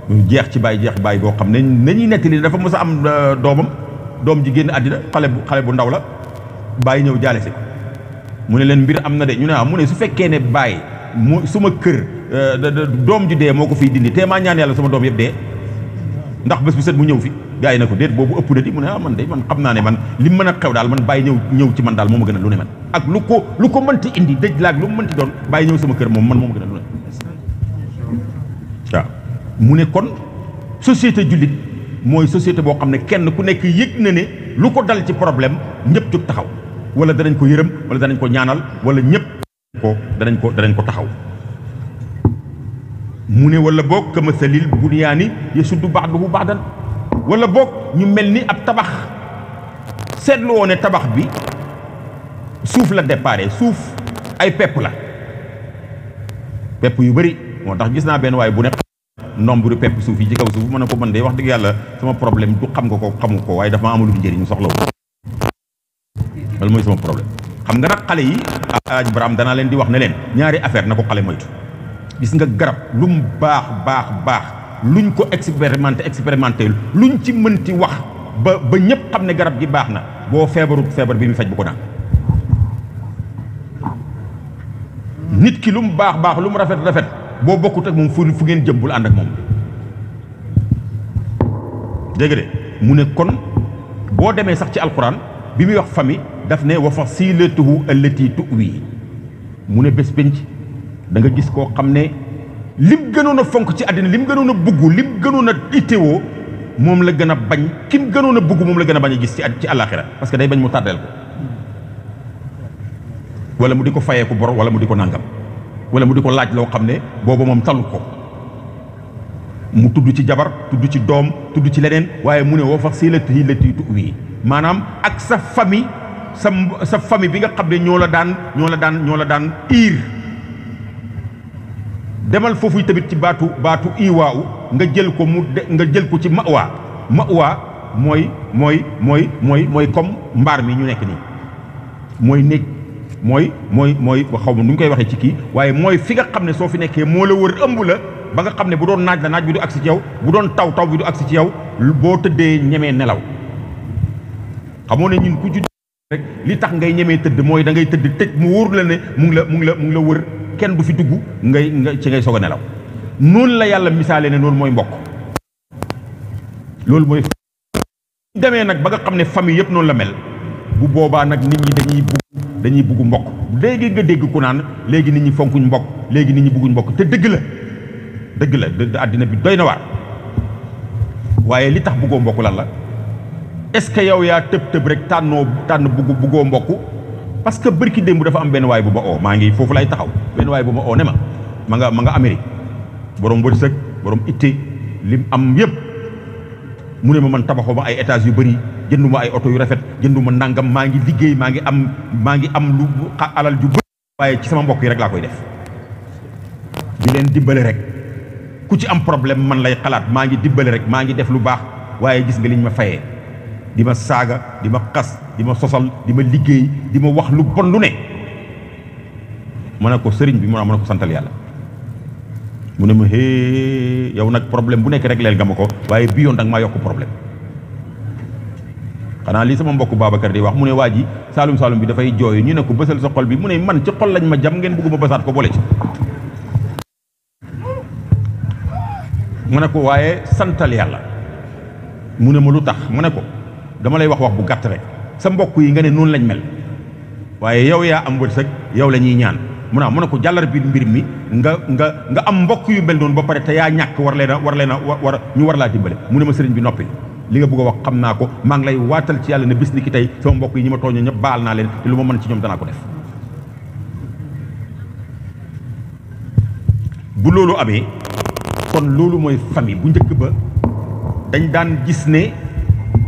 lu jeex ci bàyyi jeex bàyyi boo xam ne nañuy nettali dafa mës a am euh, doomam doom ji génn àddina xale bu xale bu ndaw la bàyyi ñëw jaale si mu ne leen mbir am na de ñu ne ah mu ne su fekkee ne bàyyi mu ma kër euh, doom ji dee moo ko fiy dindi te maa ñaan yàlla sama doom yëpp dee ndax bés bu set mu ñëw fi gars yi na ko déet boobu ëpp na di mu ne ah man de man xam naa ne man li mën a xew daal man bàyyi ñëw ñëw ci man daal moom ma gën a lu ne man ak lu ko lu ko mënti indi dëj laag lu mu mënti doon bàyyi ñëw sama kër moom man moom gën a lu ne waaw mu ne kon société jullit mooy société boo xam ne kenn ku nekk yëg na ne lu ko dal ci problème ñëpp jóg taxaw wala danañ ko yërëm wala danañ ko ñaanal wala ñëpp ko danañ ko danañ ko taxaw mu ne wala boog kama salil bunyaani bu ba'duhu dan wala boog ñu mel ni ab tabax seetlu woon ne tabax bi suuf la déparé suuf ay pepp la pepp yu bari moo tax gis naa benn waaye bu ne nombre pepp suuf yi ci kaw suuf mën na ko mën de wax dëgg yàlla sama problème du xam nga ko xamu ko waaye dafa ma amul njëriñ soxla loolu mooy sama problème xam nga nag xale yi alaaj Ibrahima danaa leen di wax ne leen ñaari affaire na ko xale moytu gis nga garab lu mu baax baax baax luñ ko expérimenté expérimenté luñ ci mënti wax ba ba ñëpp xam ne garab gi baax na boo feebarut feebar bi mu faj bu ko naan nit ki lu mu baax baax lu mu rafet rafet boo bokkut moom fu fu ngeen jëm bul ànd ak moom dégg de mu ne kon boo demee sax ci alquran bi muy wax famille daf ne wa fasilatuhu allati tuwi mu ne bés penc danga gis koo xam ne lim gënoon a fonk ci àddina lim gënoon a bugg lim gënoon a itteewoo moom la gën a bañ kim gënoon a bugg moom la gën a bañ a gis ci ci àllaaxira parce que day bañ mu tàddeel ko wala mu di ko fayee fayeeku bor wala mu di ko nangam wala mu di ko laaj loo xam ne boobu moom talu ko mu tudd ci jabar tudd ci doom tudd ci leneen waaye mu ne woo fa si lati lati tuwi maanaam ak sa famille sa sa famille bi nga xam ne ñoo la daan ñoo la daan ñoo la daan iir demal foofu tamit ci baatu baatu iwaawu nga jël ko mu nga jël ko ci mawaa mawaa mooy mooy mooy mooy mooy comme mbaar mi ñu nekk nii mooy néeg mooy mooy mooy xaw ma nu ñu koy waxee ci kii waaye mooy fi nga xam ne soo fi nekkee moo la wër ëmb la ba nga xam ne bu doon naaj la naaj bi du agsi ci yow bu doon taw taw bi du agsi ci yow boo tëddee ñemee nelaw xamoo ne ñun ku judd rek li tax ngay ñemee tëdd mooy da ngay tëdd tëj mu wóor la ne mu ngi la mu ngi la mu ngi la wër kenn du fi dugg ngay nga ci ngay soog nelaw noonu la yàlla misaale ne loolu mooy mbokk loolu mooy demee nag ba nga xam ne famille yëpp noonu la mel dañuy bugg mbokk léegi nga dégg ku naan léegi nit ñi fonkuñ mbokk léegi nit ñi bugguñ mbokk te dëgg la dëgg la àddina bi doy na waar waaye li tax buggoo mbokk lan la est-ce que yow yaa tëb tëb rek tànnoo tànn buggu buggoo mbokk parce que bërki démb dafa am benn waay bu ma oo maa ngi foofu lay taxaw benn waaye bu ma oo ne ma ma nga ma nga Amérique borom wërsëg borom itte lim am yëpp mu ne ma man tabaxoo ma ay étages yu bëri jënduma ay oto yu rafet jënduma nangam maa ngi liggéey maa ngi am maa ngi am lu alal ju bëri waaye ci sama mbokk yi rek laa koy def di leen dimbale rek ku ci am problème man lay xalaat maa ngi dimbale rek maa ngi def lu baax waaye gis nga liñ ma fayee di ma saaga di ma xas di ma sosal di ma liggéey di ma wax lu bon lu ne ma ne ko sëriñ bi mu ne ko santal yàlla mu ne ma hee yow nag problème bu nekk rek leel nga ma ko waaye bi yoon danga maa problème xanaa li sama mbokk Babacar di wax mu ne waa ji saalum saalum bi dafay jooy ñu ne ko bësal sa xol bi mu ne man ci xol lañ ma jam ngeen bëgguma basaat ko boole ci mu ne ko waaye santal yàlla mu ne ma lu tax mu ne ko dama lay wax wax bu gàtt rek sa mbokk yi nga ne noonu lañ mel waaye yow yaa am wërsëg yow la ñuy ñaan mu naa ah, mu ne ko jàllar bi mbir mi nga nga nga am mbokk yu mel noonu ba pare te yaa ñàkk war leen a war leen a war ñu war laa dimbale mu ne ma sëriñ bi noppi li nga bugg a wax xam naa ko maa ngi lay waatal ci yàlla na bis ni ki tey sama mbokk yi ñi ma tooñoo ñëpp baal naa leen te lu ma mën ci ñoom danaa ko def bu loolu amee kon loolu mooy famille bu njëkk ba dañ daan gis ne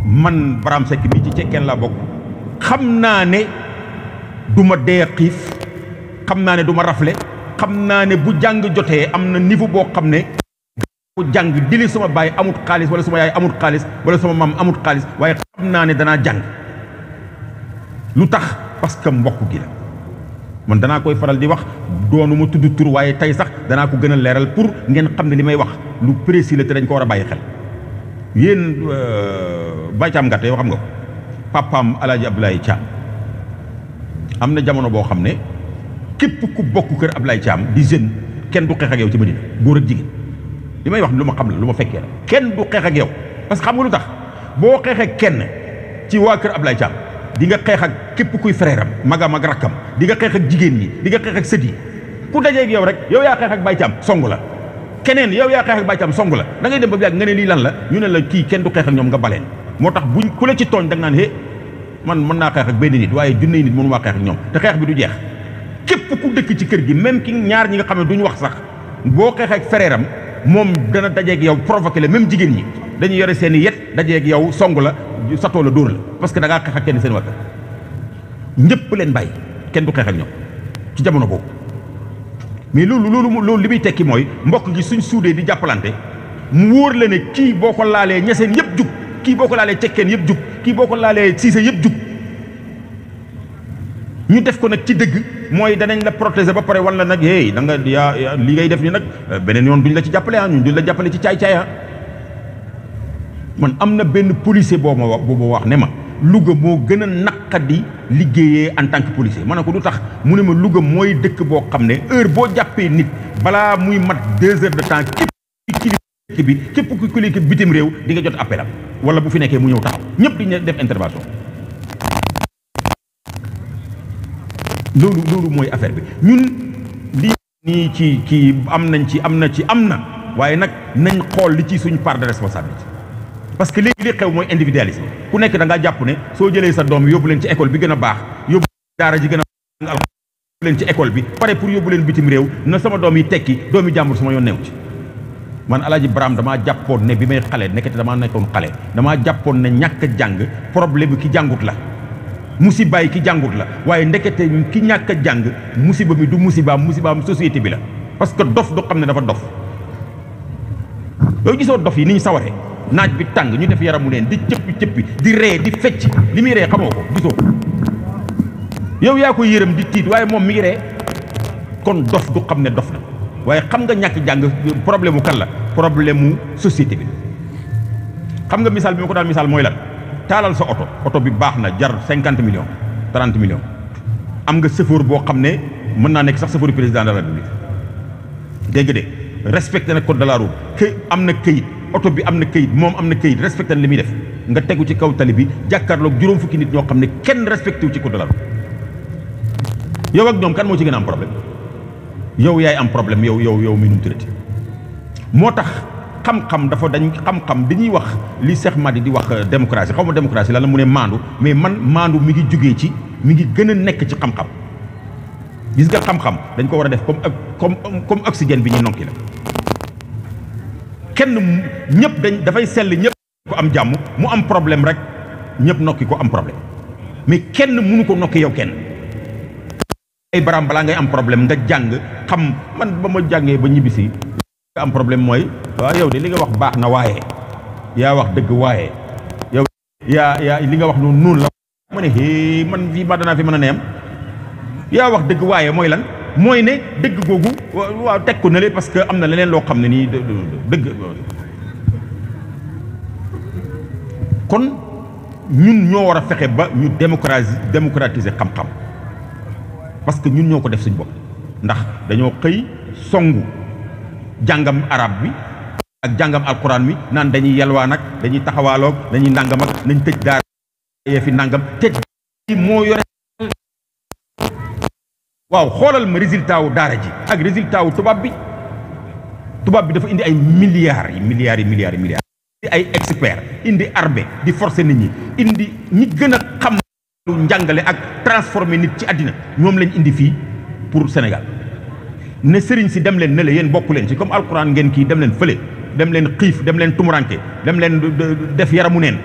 man Birame Seck mii ci cekkeen laa bokk xam naa ne du ma dee xiif xam naa ne du ma rafle xam naa ne bu jàng jotee am na niveau boo xam ne ku jàng di li sama baay amut xaalis wala sama yaay amut xaalis wala sama maam amut xaalis waaye xam naa ne danaa jàng lu tax parce mbokk gi la man danaa koy faral di wax doonu ma tudd tur waaye tey sax danaa ko gën a leeral pour ngeen xam ne li may wax lu précis la te dañ ko war a bàyyi xel yéen euh, Baye Thiam Ngatta yow xam nga ko papaam Alaaji Abdoulaye Thiam am na jamono boo xam ne képp ku bokk kër ab Abdoulaye Thiam di jeune kenn du xeex ak yow ci Medina góor ak jigéen li may wax lu ma xam la lu ma fekkee la kenn du xeex yow parce que xam nga lu tax boo xeexee kenn ci waa kër ab Thiam di nga xeex ak képp kuy frère am magam ak rakkam di nga xeex ak jigéen ñi di nga xeex ak sët ku dajee yow rek yow yaa xeex ak Baye Thiam song la keneen yow yaa xeex ak Baye Thiam song la da ngay dem ba yàgg nga ne lii lan la ñu ne la kii kenn du xeex ñoom nga baleen moo tax buñ ku la ci tooñ da nga naan hé man mën naa xeex ak benn nit waaye junne nit mënu maa xeex ñoom te bi du jeex képp ku dëkk ci kër gi même ki ñaar ñi nga xam ne duñ wax sax boo xeex ak frère moom dana dajeeg yow provoqué la même jigéen ñi dañu yore seen i yet dajeeg yow song la satoo la dóor la parce que da ngaa xeex ak kenn seen wàkk ñëpp leen bàyyi kenn du xeex ak ñoom ci jamono boobu mais loolu loolu loolu li muy tekki mooy mbokk gi suñ suudee di jàppalante mu wóor la ne kii boo ko laalee ñeseen yëpp jug kii boo ko laalee cekkeen yëpp jug kii boo ko laalee siise yëpp jug ñu def ko nag ci dëgg mooy danañ la protéger ba pare wan nag hey da nga yaa li ngay def ni nag euh, beneen yoon duñ la ci jàppale ah ñun duñ la jàppale ci caay-caay ah man am na benn policier boo ma wax boo wax ne ma Louga moo gën a naqadi liggéeyee en tant que policier ma ne ko du tax mu ne ma Louga mooy dëkk boo xam ne heure boo jàppee nit balaa muy mat deux heures de temps képp ki dëkk bi képp ku kilifa bitim réew di nga jot appel am wala bu fi nekkee mu ñëw taxaw ñëpp di def intervention. loolu loolu mooy affaire bi ñun lii nii ci kii am nañ ci am na ci am na waaye nag nañ xool li ci suñ part de responsabilité parce que léegi li xew mooy individualisme ku nekk dangaa jàpp ne soo jëlee sa doom yóbbu leen ci école bi gën a baax yóbbu daara ji gën a leen ci école bi pare pour yóbbu leen bitim réew na sama doom yi tekki doomi yi jàmbur sama yoon neew ci man alaaji Braham damaa jàppoon ne bi may xale nekkati damaa nekkoon xale damaa jàppoon ne ñàkk jàng problème bi ki jàngut la musibaay ki jàngut la waaye ndekete ki ñàkk a jàng musiba mi du musibaam musibaam société bi la parce que dof du xam ne dafa dof yow gisoo dof yi ni ñu sawaree naaj bi tàng ñu def yaramu leen di cëppi cëppi di ree di fecc li muy ree xamoo ko gisoo yow yaa ko yërëm di tiit waaye moom mi ngi ree kon dof du xam ne dof na waaye xam nga ñàkk jàng problème mu kan la problème mu société bi xam nga misaal bi ma ko daan misaal mooy lan taalal sa oto oto bi baax na jar cinquante millions trente million am nga chauffeur boo xam ne mën naa nekk sax chauffeur président de la dégg de respecté na code de la route am na këyit oto bi am na këyit moom am na këyit respecté na li muy def nga tegu ci kaw tali bi jàkkaarloog juróom fukki nit ñoo xam ne kenn respecté wu ci code de la yow ak ñoom kan moo ci gën a am problème yow yaay am problème yow yow yow mi nu mu moo tax xam-xam dafa dañ xam-xam bi ñuy wax li Cheikh Madi di wax euh, démocratie xaw ma démocratie lan la mu ne maandu mais man maandu mi ngi jugee ci mi ngi gën a nekk ci xam-xam gis nga xam-xam dañ ko war a def comme euh, comme euh, comme oxygène bi ñu nonki la kenn ñëpp dañ dafay sell ñëpp ko am jàmm mu am problème rek ñëpp nokki ko am problème mais kenn mu mënu ko nokki yow kenn ay baram balaa ngay am problème nga jàng xam man ba ma jàngee ba ñibbisi am problème mooy waaw yow de li nga wax baax na waaye yaa wax dëgg waaye yow yaa yaa li nga wax noonu la ma ne hee man fii ma danaa fi mën a neem yaa wax dëgg waaye mooy lan mooy ne dëgg googu waaw teg ko nale parce que am na leneen loo xam ne nii dëgg kon ñun ñoo war a fexe ba ñu démocratiser démocratiser xam-xam parce que ñun ñoo ko def si bopp ndax dañoo xëy songu jàngam arab bi ak jàngam alquran bi naan dañuy yalwaan ak dañuy taxawaaloog dañuy nàngam ak nañ tëj daara yee fi nàngam tëj moo yore waaw xoolal ma résultat wu daara ji ak résultat wu tubaab bi tubaab bi dafa indi ay milliards yi milliards yi milliards yi indi ay expert indi arbe di forcer nit ñi indi ñi gën a xam lu njàngale ak transformer nit ci àddina ñoom lañ indi fii pour Sénégal ne sëriñ si dem leen ne la yéen bokku leen ci comme alquran ngeen kii dem leen fële dem leen xiif demleen leen tumuranke dem leen def yaramu neen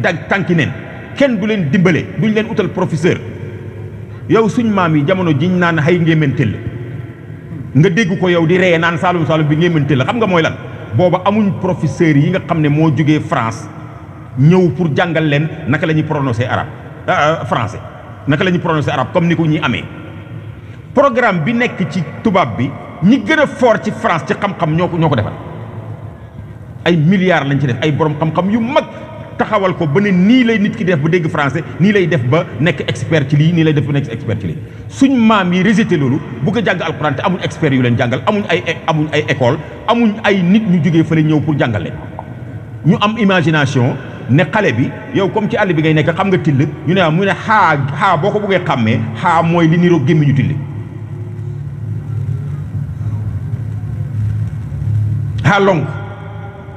dag tànki neen kenn du leen dimbale duñu leen utal professeur yow suñ maam yi jamono jiñ naan xay ngéemantel nga déggu ko yow di reye naan saalum saalum bi ngéemantel la xam nga mooy lan booba amuñ professeur yi nga xam ne moo jógee France ñëw pour jàngal leen naka la ñuy prononcé arab euh, euh, français naka la ñuy prononcé arabe comme ni ko ñuy amee programme bi nekk ci tubaab bi ñi gën a foor ci France ci xam-xam ñoo ko ñoo ko defal ay milliards lañ ci def ay borom xam-xam yu mag taxawal ko ba ne nii lay nit ki def ba dégg français nii lay def ba nekk expert ci lii nii lay def ba nekk expert ci lii suñ maam yi rejeté loolu bëgg a jàng alxuraan te amuñ expert yu leen jàngal amuñ ay amuñ ay école amuñ ay nit ñu jógee fële ñëw pour jàngale ñu am imagination ne xale bi yow comme ci àll bi ngay nekk xam nga till ñu ne mu ne xaa xaa boo ko bëggee xàmmee xaa mooy li niroo gémmiñu till kaalong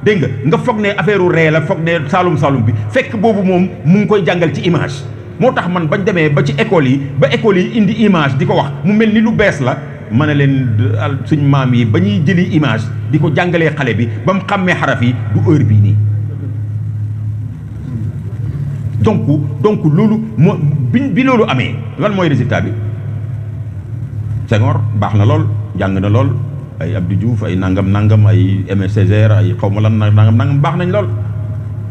dégg nga nga foog ne affaire u ree la foog ne saalum saalum bi fekk boobu moom mu ngi koy jàngal ci image moo tax man bañ demee ba ci école yi ba école yi indi image di ko wax mu mel ni lu bees la ma ne leen suñ maam yi ba ñuy jëli image di ko jàngalee xale bi ba mu xàmmee xaraf yi du heure bii nii donc donc loolu moo bi bi loolu amee lan mooy résultat bi Senghor baax na lool jàng na lool ay Abdou Diouf ay nangam nangam ay Aimé Césaire ay xaw ma lan nangam nangam baax nañ lool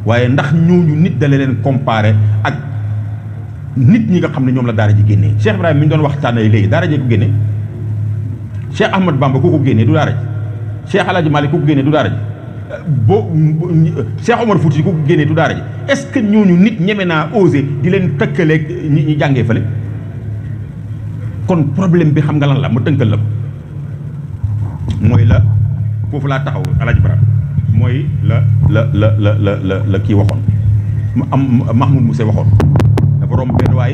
waaye ndax ñu ñu nit dale leen comparé ak nit ñi nga xam ne ñoom la daara ji génnee Cheikh Ibrahima mi ñu doon waxtaanee léegi daara jee ko génne Cheikh Ahmad Bamba ku ko génnee du daara ji Cheikh El Hadj Malick ko génnee du daara ji boo Cheikh Omar Fouti ku ko génnee du daara ji est-ce que ñooñu nit ñeme naa osé di leen tëkkaleeg ñi ñi jàngee fële kon problème bi xam nga lan la ma tënkal la ko mooy la foofu laa taxaw alaaj Baram mooy la la la la kii waxoon mu am Mahmoud Mousse waxoon dafa romb benn waay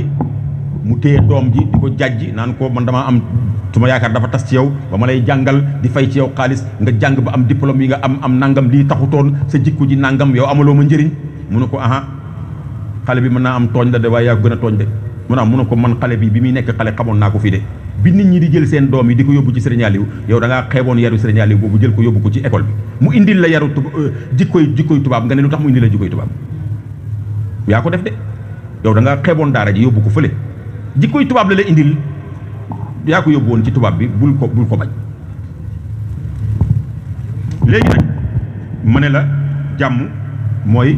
mu téye doom ji di ko jàjji naan ko man damaa am suma yaakaar dafa tas ci yow ba ma lay jàngal di fay ci yow xaalis nga jàng ba am diplôme yi nga am am nangam lii taxutoon sa jikko ji nangam yow amaloo ma njëriñ mu ne ko aha xale bi mën naa am tooñ la de waaye yaa gën a tooñ de mu naam ah, mu ne ko man xale bi bi muy nekk xale xamoon naa ko fii de bi nit ñi di jël seen doom yi di ko yóbbu ci Serigne Aliou yow da ngaa xeeboon yaru Serigne Aliou boobu jël ko yóbbu ko ci école bi mu indi la yaru tu euh, jikkoy jikkoy tubaab nga ne lu tax mu indil la jikkoy tubaab yaa ko def de yow dangaa xeeboon daara ji yóbbu ko fële jikkoy tubaab la la indil yaa ko yóbbu woon ci tubaab bi bul ko bul ko bañ léegi nag ma ne la jàmm mooy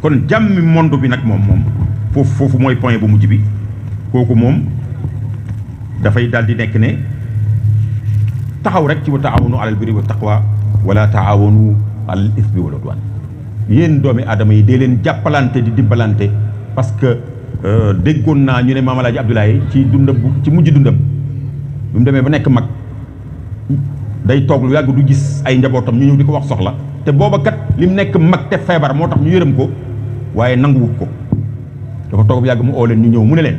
kon jàmmi monde bi nag moom moom foofu foofu mooy point bu mujj bi kooku moom dafay daal di nekk ne taxaw rek ci wa taawanu alal birri wa taqwa wala taawanu alal ismi wal udwan yéen doomi aadama yi dee leen jàppalante di dimbalante parce que euh, déggoon naa ñu ne Maam Alaaji ci dundam bu ci mujj dundam bu mu demee ba nekk mag day toog lu yàgg du gis ay njabootam ñu ñëw di ko wax soxla te booba kat lim nekk mag te feebar moo tax ñu yërëm ko waaye nanguwut ko dafa toog yàgg mu oo leen ñu ñëw mu ne leen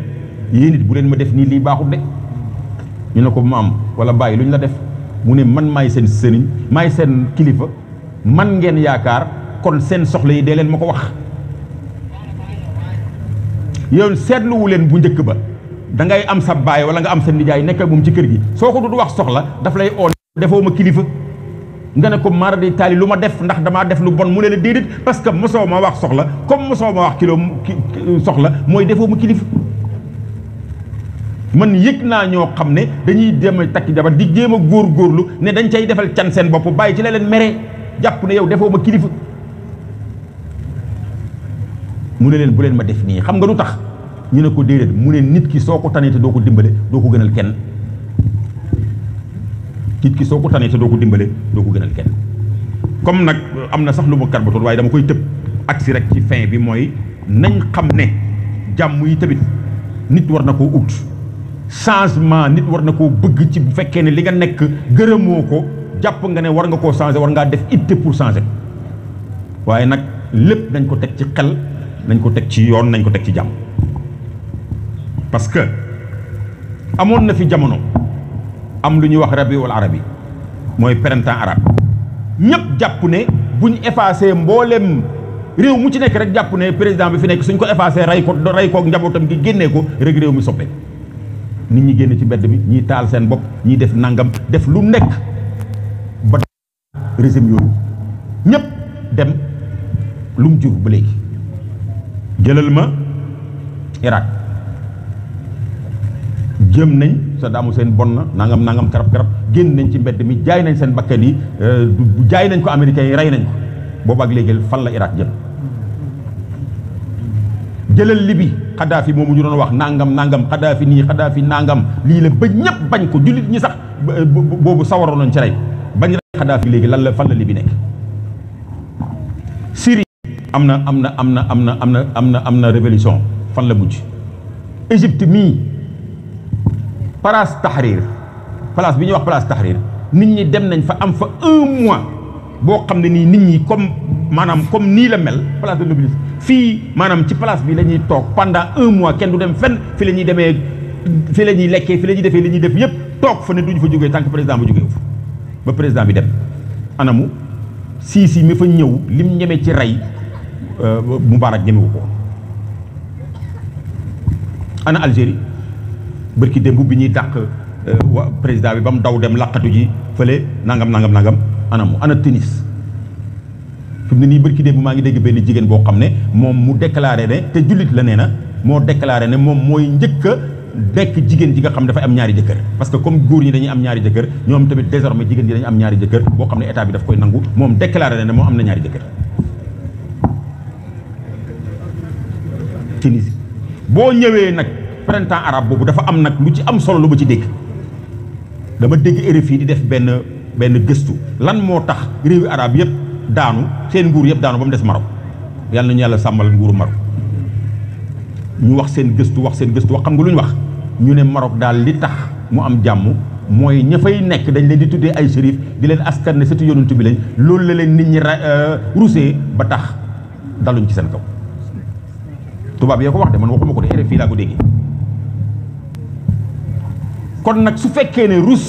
yéen it bu leen ma def nii lii baaxut de ñu ne ko maam wala bàyyi lu ñu la def mu ne man maay seen sëriñ maay seen kilifa man ngeen yaakaar kon seen soxla yi dee leen ma ko wax yow seetluwu leen bu njëkk ba dangay am sa baay wala nga am sa nijaay nekk moom ci kër gi soo ko du wax soxla daf lay oon defoo ma kilifa nga ne ko maradi taali lu ma def ndax damaa def lu bon mu ne la déedéet parce que mosoo ma wax soxla comme mosoo ma wax kilo soxla mooy defoo mu man yëg naa ñoo xam ne dañuy dem a takki jabar di jéem a góorgóorlu ne dañ cay defal can seen bopp bàyyi ci la leen mere jàpp ne yow defoo ma kilifa mu ne leen bu leen ma def nii xam nga lu tax ñu ne ko déedéet mu ne nit ki soo ko tanee te doo ko dimbale doo ko gënal kenn nit ki soo ko tanee te doo ko dimbale doo ko gënal kenn comme nag euh, am na sax lu ma karbatoon waaye dama koy tëb agsi rek ci fin bi mooy nañ xam ne jàmm yi tamit nit war na koo ut changement nit war na koo bëgg ci bu fekkee ne li nga nekk gërëmoo ko jàpp nga ne war nga koo changer war ngaa def itte pour changer waaye nag lépp nañ ko teg ci xel nañ ko teg ci yoon nañ ko teg ci jàmm parce que amoon na fi jamono am lu ñuy wax rabiul arabi mooy perentant arabe ñëpp jàpp ne buñ effacé mboolem réew mu ci nekk rek jàpp ne président bi fi nekk suñ ko effacé rey ko ray kook njabootam gi génnee ko rek réew mi soppe nit ñi génn ci mbedd bi ñiy taal seen bopp ñiy def nangam def lu nekk ba régime yooyu ñëpp dem lu mu jur ba léegi jëlal ma Irak jëm nañ sa daamu seen bon na nangam nangam karab karab génn nañ ci mbedd mi jaay nañ seen bakkan yi euh, jaay nañ ko américains yi rey nañ ko boobu ak léegi fan la Irak jëm jëlal libi xadaafi mu ñu doon wax nangam nangam xadaafi nii xadaafi nangam lii la ba ñëpp bañ ko jullit ñi sax euh, boobu sawaroon nañ ci rey bañ rey xadaafi léegi lan la fan la libi nekk Syrie am na am na am na am na am na am na am na révolution fan la mujj Égypte mii place Tahrir place bi ñu wax place Tahrir nit ñi dem nañ fa am fa un mois boo xam ne nii nit ñi comme maanaam comme nii la mel place de l'Obélisque fii maanaam ci place bi la ñuy toog pendant un mois kenn du dem fenn fii la ñuy demee fi la ñuy lekkee fi la ñuy defee li ñuy def yëpp toog fa ne ñu fa jógee tant que président ba jógee ba président bi dem anamu sii si mi fa ñëw lim ñeme ci rey euh, Moubarak ñeme wu ko ana Algérie bërki démb bi ñuy dàq euh, wa président bi ba mu daw dem laqatu ji fële nangam nangam nangam anamu ana tennis fi mu ne nii bërki démb maa ngi dégg benn jigéen boo xam ne moom mu déclaré ne te jullit la nee na moo déclaré ne moom mooy njëkk a dekk jigéen ji nga xam dafay am ñaari jëkkër parce que comme góor ñi dañuy am ñaari jëkkër ñoom tamit désormais jigéen ñi dañuy am ñaari jëkkër boo xam ne état bi daf koy nangu moom déclaré na ne am na ñaari jëkkër Tunisie boo ñëwee nag printemps arabe boobu dafa am nag lu ci am solo lu ma ci dégg dama dégg RFI di def benn benn gëstu lan moo tax réewi arab yëpp daanu seen nguur yëpp daanu ba mu des Maroc yàlla nañu yàlla sàmmal nguuru Maroc ñu wax seen gëstu wax seen gëstu wax xam nga lu ñu wax ñu ne Maroc daal li tax mu am jàmm mooy ña nekk dañu leen di tuddee ay shérif di leen askan ne surtout yonent bi lañ loolu la leen nit ñi rusee euh, ba tax daluñ ci seen kaw tubaab yee ko wax de man waxuma ko kon nag su fekkee ne rus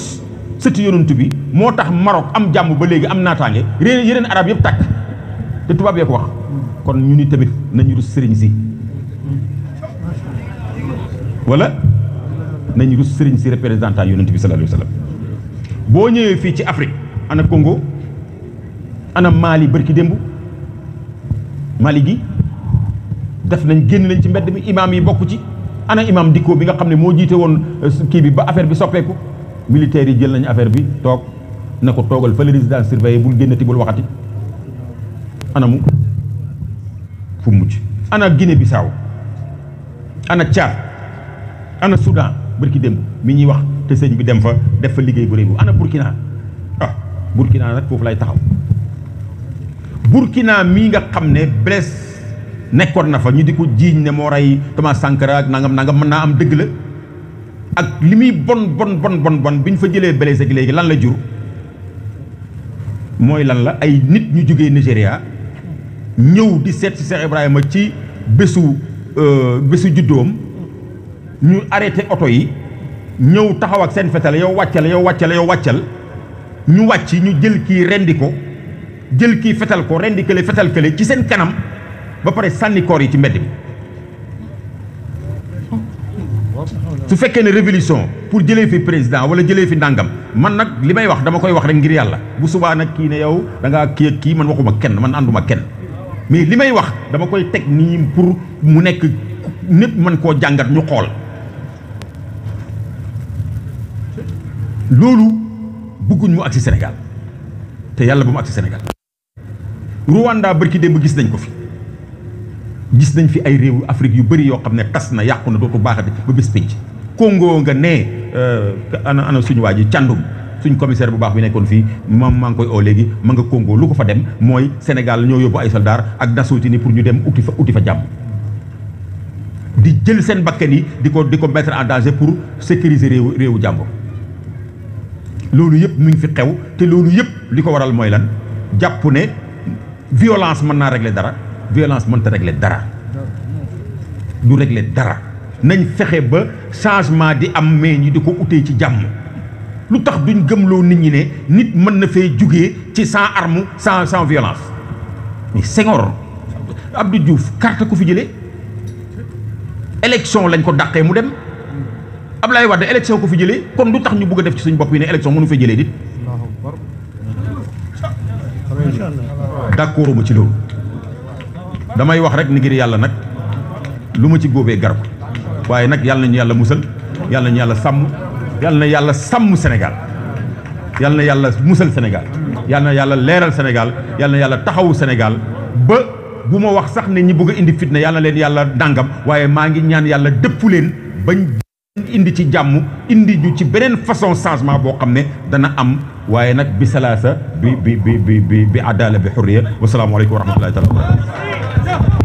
sëti yonent bi moo tax Maroc am jàmm ba léegi am naataange réer yeneen arab yëpp tàkk te tubaab yee ko wax kon ñu ni tamit nañu rus sëriñ si walla nañu rus sëriñ si représentant yonent bi sallallahu alayhi boo ñëwee fii ci Afrique ana Congo ana Mali bërki démb Mali gi def nañ génn nañ ci mbedd mi imaam yi bokk ci ana imam Dicko bi nga xam ne moo jiite woon euh, kii bi ba affaire bi soppeeku militaires yi jël nañu affaire bi toog na ko toogal fële résidence surveillée bul génnati bul waxati ana mu fu mujj ana Guinée Bissau ana Tchad ana Soudan bërki démb mi ñuy wax te sëñ bi dem fa def fa liggéey bu réy bu ana Burkina ah Burkina nag foofu lay taxaw Burkina mii nga xam ne Blaise nekkoon na fa ñu di ko jiiñ ne moo rey Thomas Sankara ak nangam nangam mën naa am dëgg la ak li muy bon bon bon bon bon bi ñu fa jëlee blessé gi léegi lan la jur mooy lan la ay nit ñu jógee Nigéria ñëw di seet si Cheikh Ibrahima ci bésu euh, bésu juddoom ñu arrêté oto yi ñëw taxaw ak seen fetal yow wàccal yow wàccal yow wàccal ñu wàcc ñu jël kii rendi ko jël kii fetal ko rendi kële fetal kële ci seen kanam ba pare sànni koor yi ci mbedd mi su fekkee ne révolution pour jëlee fi président wala jëlee fi ndàngam man nag li may wax dama koy wax rek ngir yàlla bu subaa nag kii ne yow da ngaa kii ak kii man waxuma kenn man ànduma kenn mais li may wax dama koy teg nii pour mu nekk nit mën koo jàngat ñu xool loolu bëgguñ mu agsi Sénégal te yàlla bu mu agsi Sénégal Rwanda bërki démb gis nañ ko fi gis nañ fi ay réewu Afrique yu bëri yoo xam ne tas na yàqu na dootu baaxati ba bis pénc kongoo nga ne euh, ana ana suñu waa ji càndum suñ commissaire bu baax bi nekkoon fii moom maa ngi koy oo léegi ma nga kongoo lu ko fa dem mooy Sénégal ñoo yóbbu ay soldats ak Nations ni pour ñu dem uti fa uti fa jàmm di jël seen bakkan yi di ko di ko mettre en danger pour sécuriser réew réewu jàmbur loolu yëpp mu ngi fi xew te loolu yëpp li ko waral mooy lan jàpp ne violence mën naa régler dara violence mënta régler dara du régler dara nañ fexe ba changement di am mais ñi di ko utee ci jàmm lu tax duñ gëmloo nit ñi ne nit mën na fee jóge ci sans armu sans sans violence mais Senghor Abdou Diouf carte ku fi jëlee élection lañ ko dàqee mu dem Ablaye Wade élection ko fi jëlee kon lu tax ñu bugg a def ci suñ bopp yi ne élection mënu fee jëlee dit d'accord ma ci loolu damay wax rek ni ngir yàlla nag lu ma ci góobee garab waaye nag yàlla nañu yàlla musal yàlla ñu yàlla sàmm yàlla na yàlla sàmm Sénégal yàlla na yàlla musal Sénégal yàlla na yàlla leeral Sénégal yàlla na yàlla taxawu Sénégal ba bu ma wax sax ne ñi bugg a indi fitna yàlla leen yàlla dàngam waaye maa ngi ñaan yàlla dëppu leen bañ. indi ci jàmm indi ci beneen façon changement boo xam ne dana am waaye nag bi salaasa bi bi bi bi bi bi àddaala bi xurriya wasalaamualeykum wa rahmatullahi taala wa barakatu